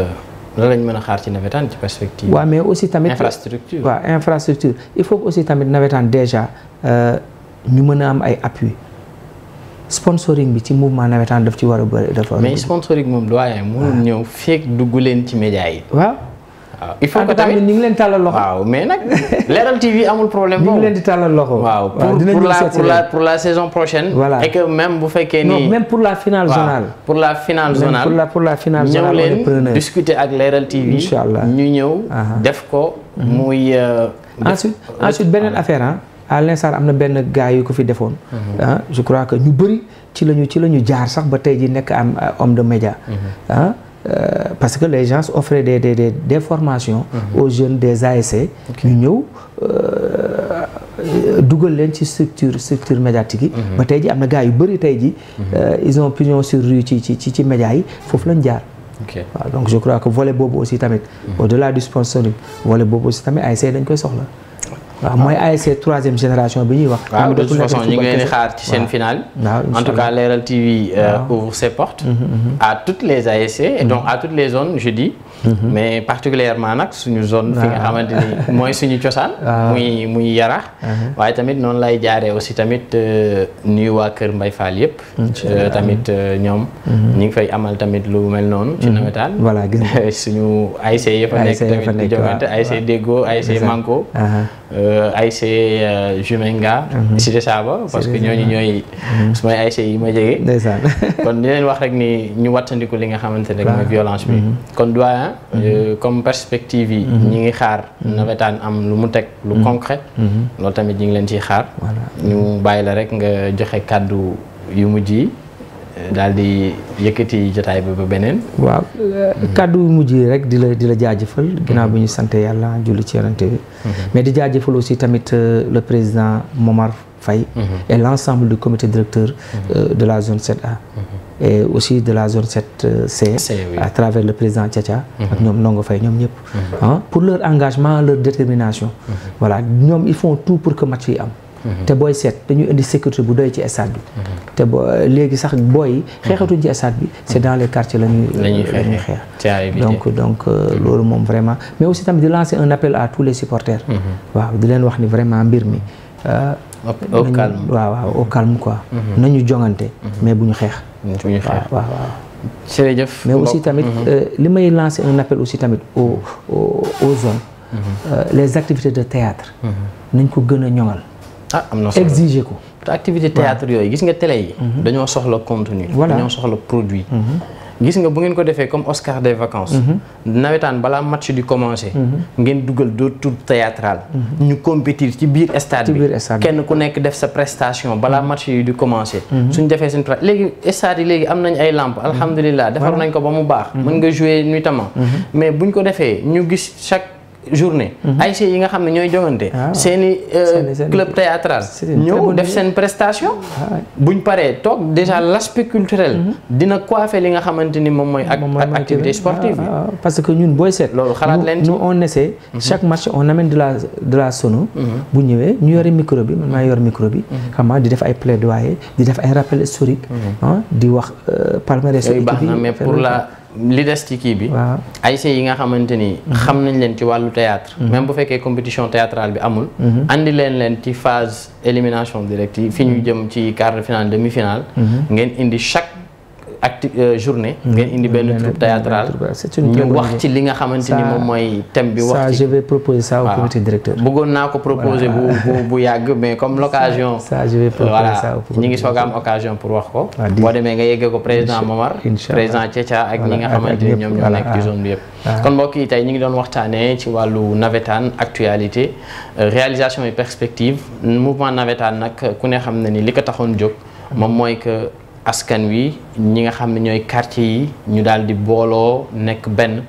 lan lañ mën a xaar ci nawetaan ci perspective. waaw mais aussi tamit infrastructure. waaw infrastructure il faut aussi tamit nawetaan déjà euh, ñu mën a am ay appui. sponsoring bi ci mouvement nawetaan daf ci war a bëri dafa. mais sponsoring moom doyen mënul ah. ñëw feek dugg leen ci média yi. waaw waaw il faut ah, que tamit ñu ngi leen tàllal loxo. waaw mais nag Leral TV amul problème. di tàllal loxo. waaw pour la pour la pour la saison prochaine. voilà et bu fekkee ni. non pour la finale zonale. pour la finale zonale pour la pour la finale zonale. ñëw leen discuter ak Leral TV. ñu ñëw def ko. Mhm. muy. Euh, ensuite ensuite beneen affaire à l'instant am na benn gars yu ko fi defoon. Mhm. Ah, je crois que ñu bëri ci la ñu ci la ñu jaar sax ba tey ji nekk am euh, homme de média. Mhm. ah euh, parce que les gens offraient des des des formations. Mhm. aux jeunes des ASC. ñu ñëw euh, dugal leen ci structure structure médiatique yi. ba tey ji am na gars yu bëri tey ji ils ont pignon sur rue ci ci ci ci média yi foofu lañ jaar. ok waaw donc je crois que vole boobu aussi tamit. au delà du sponsoring volet boobu aussi tamit ASC dañ koy soxla. waaw mooy ASC troisième génération bi ñuy wax. waaw de seen finale. en tout cas Leral TV euh, ouvre ses mhm, mhm. à toutes les ASC et mhm. donc les zones je Mm-hmm. mais particulièrement nag suñu zone fi nga ah. xamante ni mooy suñu cosaan ah. muy muy yarax uh-huh. waaye tamit noonu lay jaaree aussi tamit euh, nuy waa kër Mbay Fall euh, yëpp tamit euh, ñoom mm-hmm. ñi ngi fay amal tamit lu mel noonu ci mm-hmm. nawetaan voilà gis nga suñu ASC yëpp a nekk tamit ay jogante ASC Déggoo ASC Manko uh-huh. ASC Jumenga Cité Saba parce que ñooñu ñooy ay ASC yi ma jege kon di leen wax rek ni ñu wattandiku li nga xamante ne mooy violence bi kon doyen nawetaan euh, comme perspective yi mhm. ñi ngi xaar mhm. nawetaan am lu mu teg lu mhm. concret loolu tamit ñi ngi leen ciy xaar ñu bàyyi la rek nga joxe kàddu yu mujj yi euh, daal di yëkkati jotaay bi ba beneen waaw kàddu yu mujj yi rek di la di la jaajëfal ginnaaw bi ñu sante yàlla julli ci yonante bi mais di jaajëfal aussi tamit euh, le président Momar Faye mm-hmm. et l'ensemble du comité directeur mm-hmm. euh, de la zone 7A mm-hmm. et aussi de la zone 7C euh, à travers le président Tchatcha ak ñoom Ndongo Faye ñoom ñëpp ah, pour leur engagement leur détermination voilà ñoom ils faut tout pour que match yi am te booy seet ñu indi sécurité bu doy ci stade bi te bo léegi sax booy xeexatuñ ci stade bi dans les quartiers la ñuy la ñuy xeex donc donc euh, loolu moom vraiment mais aussi tamit di lancer un appel à tous les supporters waaw di leen wax ni vraiment mi au calme waaw waaw au calme quoi. Mhm. nañu jongante. Mhm. mais bu ñu xeex. Mhm, bu ñu xeex mais aussi tamit euh, li may lancer un appel aussi tamit aux aux zones. Euh, les activités de théâtre. nañ ko gën a ñoŋal. ah am na solo ko. te activité théâtre yooyu gis nga tele yi. dañoo soxla contenu. voilà dañoo soxla produit. gis nga bu ngeen ko defee comme Oscar des vacances. Mhm. nawetaan balaa match di commencer. Mhm. ngeen dugal deux théâtral mhm. ñu compétir ci biir stade bi kenn ku nekk def sa prestation balaa match yi di commencer. suñ defee suñ pra léegi stade yi léegi am nañ ay lampes alhamdulilah defar nañ ko ba mu baax. mën nga jouer nuitamment mais buñ ko defee ñu gis chaque. journée. Mhm. ay yi nga xam ne ñooy joŋante. Ah, euh, seeni club théâtral ñëw def seen prestation. Ah, buñ paree toog déjà mhm. l'aspect culturel. Mhm. dina coiffer li nga xamante ni moom mooy. ak activité sportive ah, parce que ñun booy seet. loolu xalaat leen ci nous on essaie. chaque match on amène de la de la sono. bu ñëwee ñu yore micro bi man maa yor micro bi. di def ay plaidoyer di def ay rappel historique. di wax euh, palmarès. yooyu baax la. li des ci kii bi. waaw ASC yi nga xamante ni. Mhm. xam nañ leen ci wàllu théâtre mhm. même bu fekkee compétition théâtrale bi amul. Mhm. andi leen leen ci phase élimination directe yi fi ñu jëm ci quart de finale demi finale. ngeen indi chaque. acti euh, journée. ngeen indi benn troupe théâtrale ñu wax ci li nga xamante ni moom mooy thème bi. wax ci ça je vais proposer naa ko proposer bu bu yàgg mais comme l'occasion. ça je vais proposer ça am occasion pour wax ko. boo demee nga yeggee ko président Momar. président Tchétcha ak ñi nga xamante ni ñoom ñoo nekk ci zone bi yëpp. Ah. Ah. kon mbokk yi tey ñu ngi doon waxtaanee ci wàllu navétane actualité euh, réalisation et perspective mouvement navétane nag ku ne xam na ni li ko taxoon jóg moom mooy que. askan wi ñi nga xam ne ñooy quartier yi ñu daal di booloo nekk benn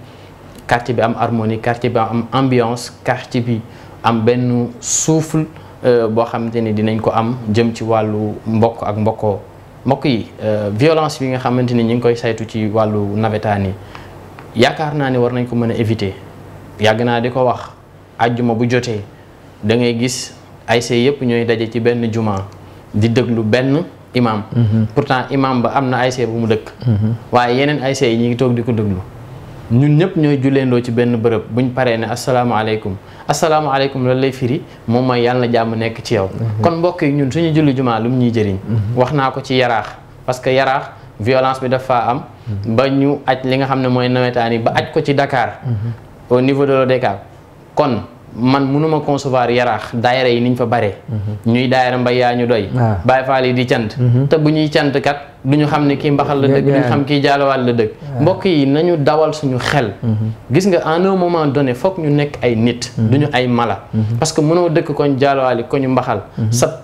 quartier bi am harmonie quartier bi am ambiance quartier bi am benn souffle euh, boo xamante ni dinañ ko am jëm ci wàllu mbokk ak mbokkoo mbokk yi euh, violence bi nga xamante ni ñu ngi koy saytu ci wàllu nawetaan yi yaakaar naa ni war nañ ko mën a éviter yàgg naa di ko wax àjjuma bu jotee da ngay gis ay see yëpp ñooy daje ci benn juma di déglu benn. imaam. pourtant imaam ba am na ASC bu mu dëkk. waaye yeneen ASC yi ñu ngi toog di ko déglu ñun ñëpp ñooy julleendoo ci benn bërëb bu buñ paree ne asalaamaaleykum asalaamaaleykum lan lay firi moom mooy yàlla na jàmm nekk ci yow. kon mbokk yi ñun suñu julli jumaa lu mu ñuy jëriñ. wax naa ko ci yaraax parce que yaraax violence bi dafa am. ba ñu aj li nga xam ne mooy nawetaan yi ba aj ko ci dakaar au niveau de l'ODCAV kon. man mënuma concevoir yaraax daayira yi niñ fa bare mhm. ñuy daayira mbay yaa ñu doy ah. Baay Faal yi di cant mhm. te bu ñuy cant kat du ñu xam ne kii mbaxal la dëgg du ñu xam kii jaalawaat la dëgg mbokk yi nañu dawal suñu xel mhm. gis nga en moment donné foog ñu nekk ay nit mhm. du ñu ay mala mhm. parce que mënoo dëkk koñ jaalawaali koñu mbaxal sa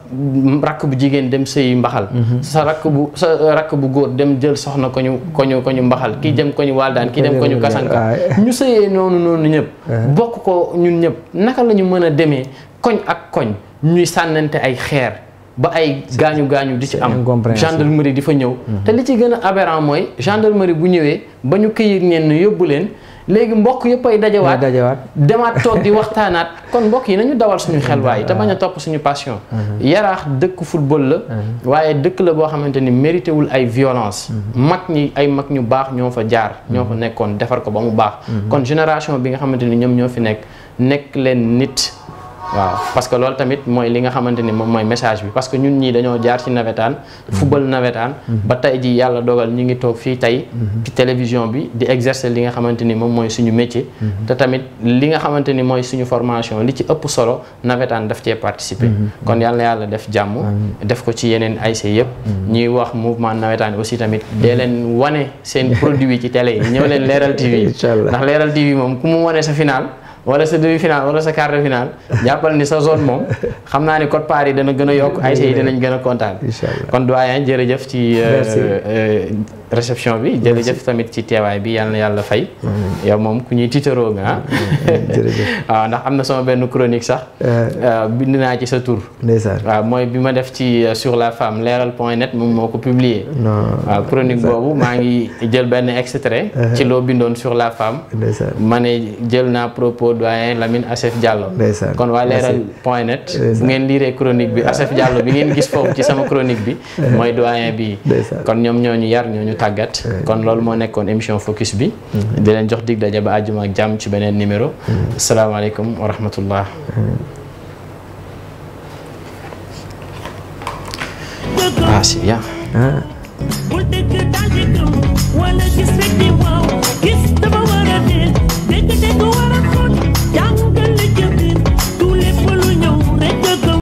rakk bu jigéen dem sëyi mbaxal sa rakk bu sa rakk bu góor dem jël soxna koñu koñu koñu mbaxal kii dem koñu waldaan kii dem koñu kasanka ñu sëyee noonu noonu ñëpp bokk ko ñun ñëpp naka la ñu mën a demee koñ ak koñ ñuy sànnante ay xeer ba ay gaañu gaañu di ci am gendarmerie di fa ñëw mhm. te li ci gën a aberrant mooy gendarmerie bu ñëwee ba ñu këyit ñenn yóbbu leen léegi mbokk yëpp ay dajawaat demaat toog di waxtaanaat kon mbokk yi nañu dawal suñu xel waaye te bañ a topp suñu passion mhm. yaraax dëkk football la mhm. waaye dëkk la boo xamante ni mérité ay violence mag ñi ay mag ñu baax ñoo fa jaar ñoo ko nekkoon defar ko ba mu baax kon génération bi nga xamante ni ñoom ñoo fi nekk nekk leen nit waaw parce que loolu tamit mooy li nga xamante ni moom mooy message bi parce que ñun ñii dañoo jaar ci nawetaan mhm. football nawetaan mhm. ba tey ji yàlla dogal ñu ngi toog fii tey mhm. ci télévision bi di exercer li nga xamante ni moom mooy suñu métier te tamit li nga xamante ni mooy suñu formation li ci ëpp solo nawetaan daf cee participer kon yàlla yàlla def jàmm def ko ci yeneen ASC yëpp ñuy wax mouvement nawetaan aussi tamit dee leen wane seen produit yi ci télé yi ñëw leen Leral TV wala sa demi-finale wala sa quart de finale ni sa zone moom xam naa ni code part yi dana gën a yokk ay yi dinañ gën a kontaan kon doyen jëf ci euh, euh, réception bi jërëjëf tamit ci teewaay bi yàlla na yàlla fay mm-hmm. yow moom ku ñuy tiitaroo nga ah. mm-hmm. waaw ndax am na sama benn chronique sax euh. Euh, bind naa ci sa tur ndeysaan waaw mooy bi ma def ci euh, sur la femme leeral point net moom moo ko publier waaw chronique boobu maa ngi jël benn extrait uh-huh. ci loo bindoon sur la femme ma ne jël naa propos doyen Lamine Assef Diallo kon waa leeral point net bu ngeen liiree chronique bi Assef Diallo bi ngeen gis foofu ci sama chronique bi uh-huh. mooy doyen bi tàggat. kon loolu moo nekkoon émission focus bi. di leen jox dig daje ba àjjuma ak jàmm ci beneen numéro. asalaamaaleykum wa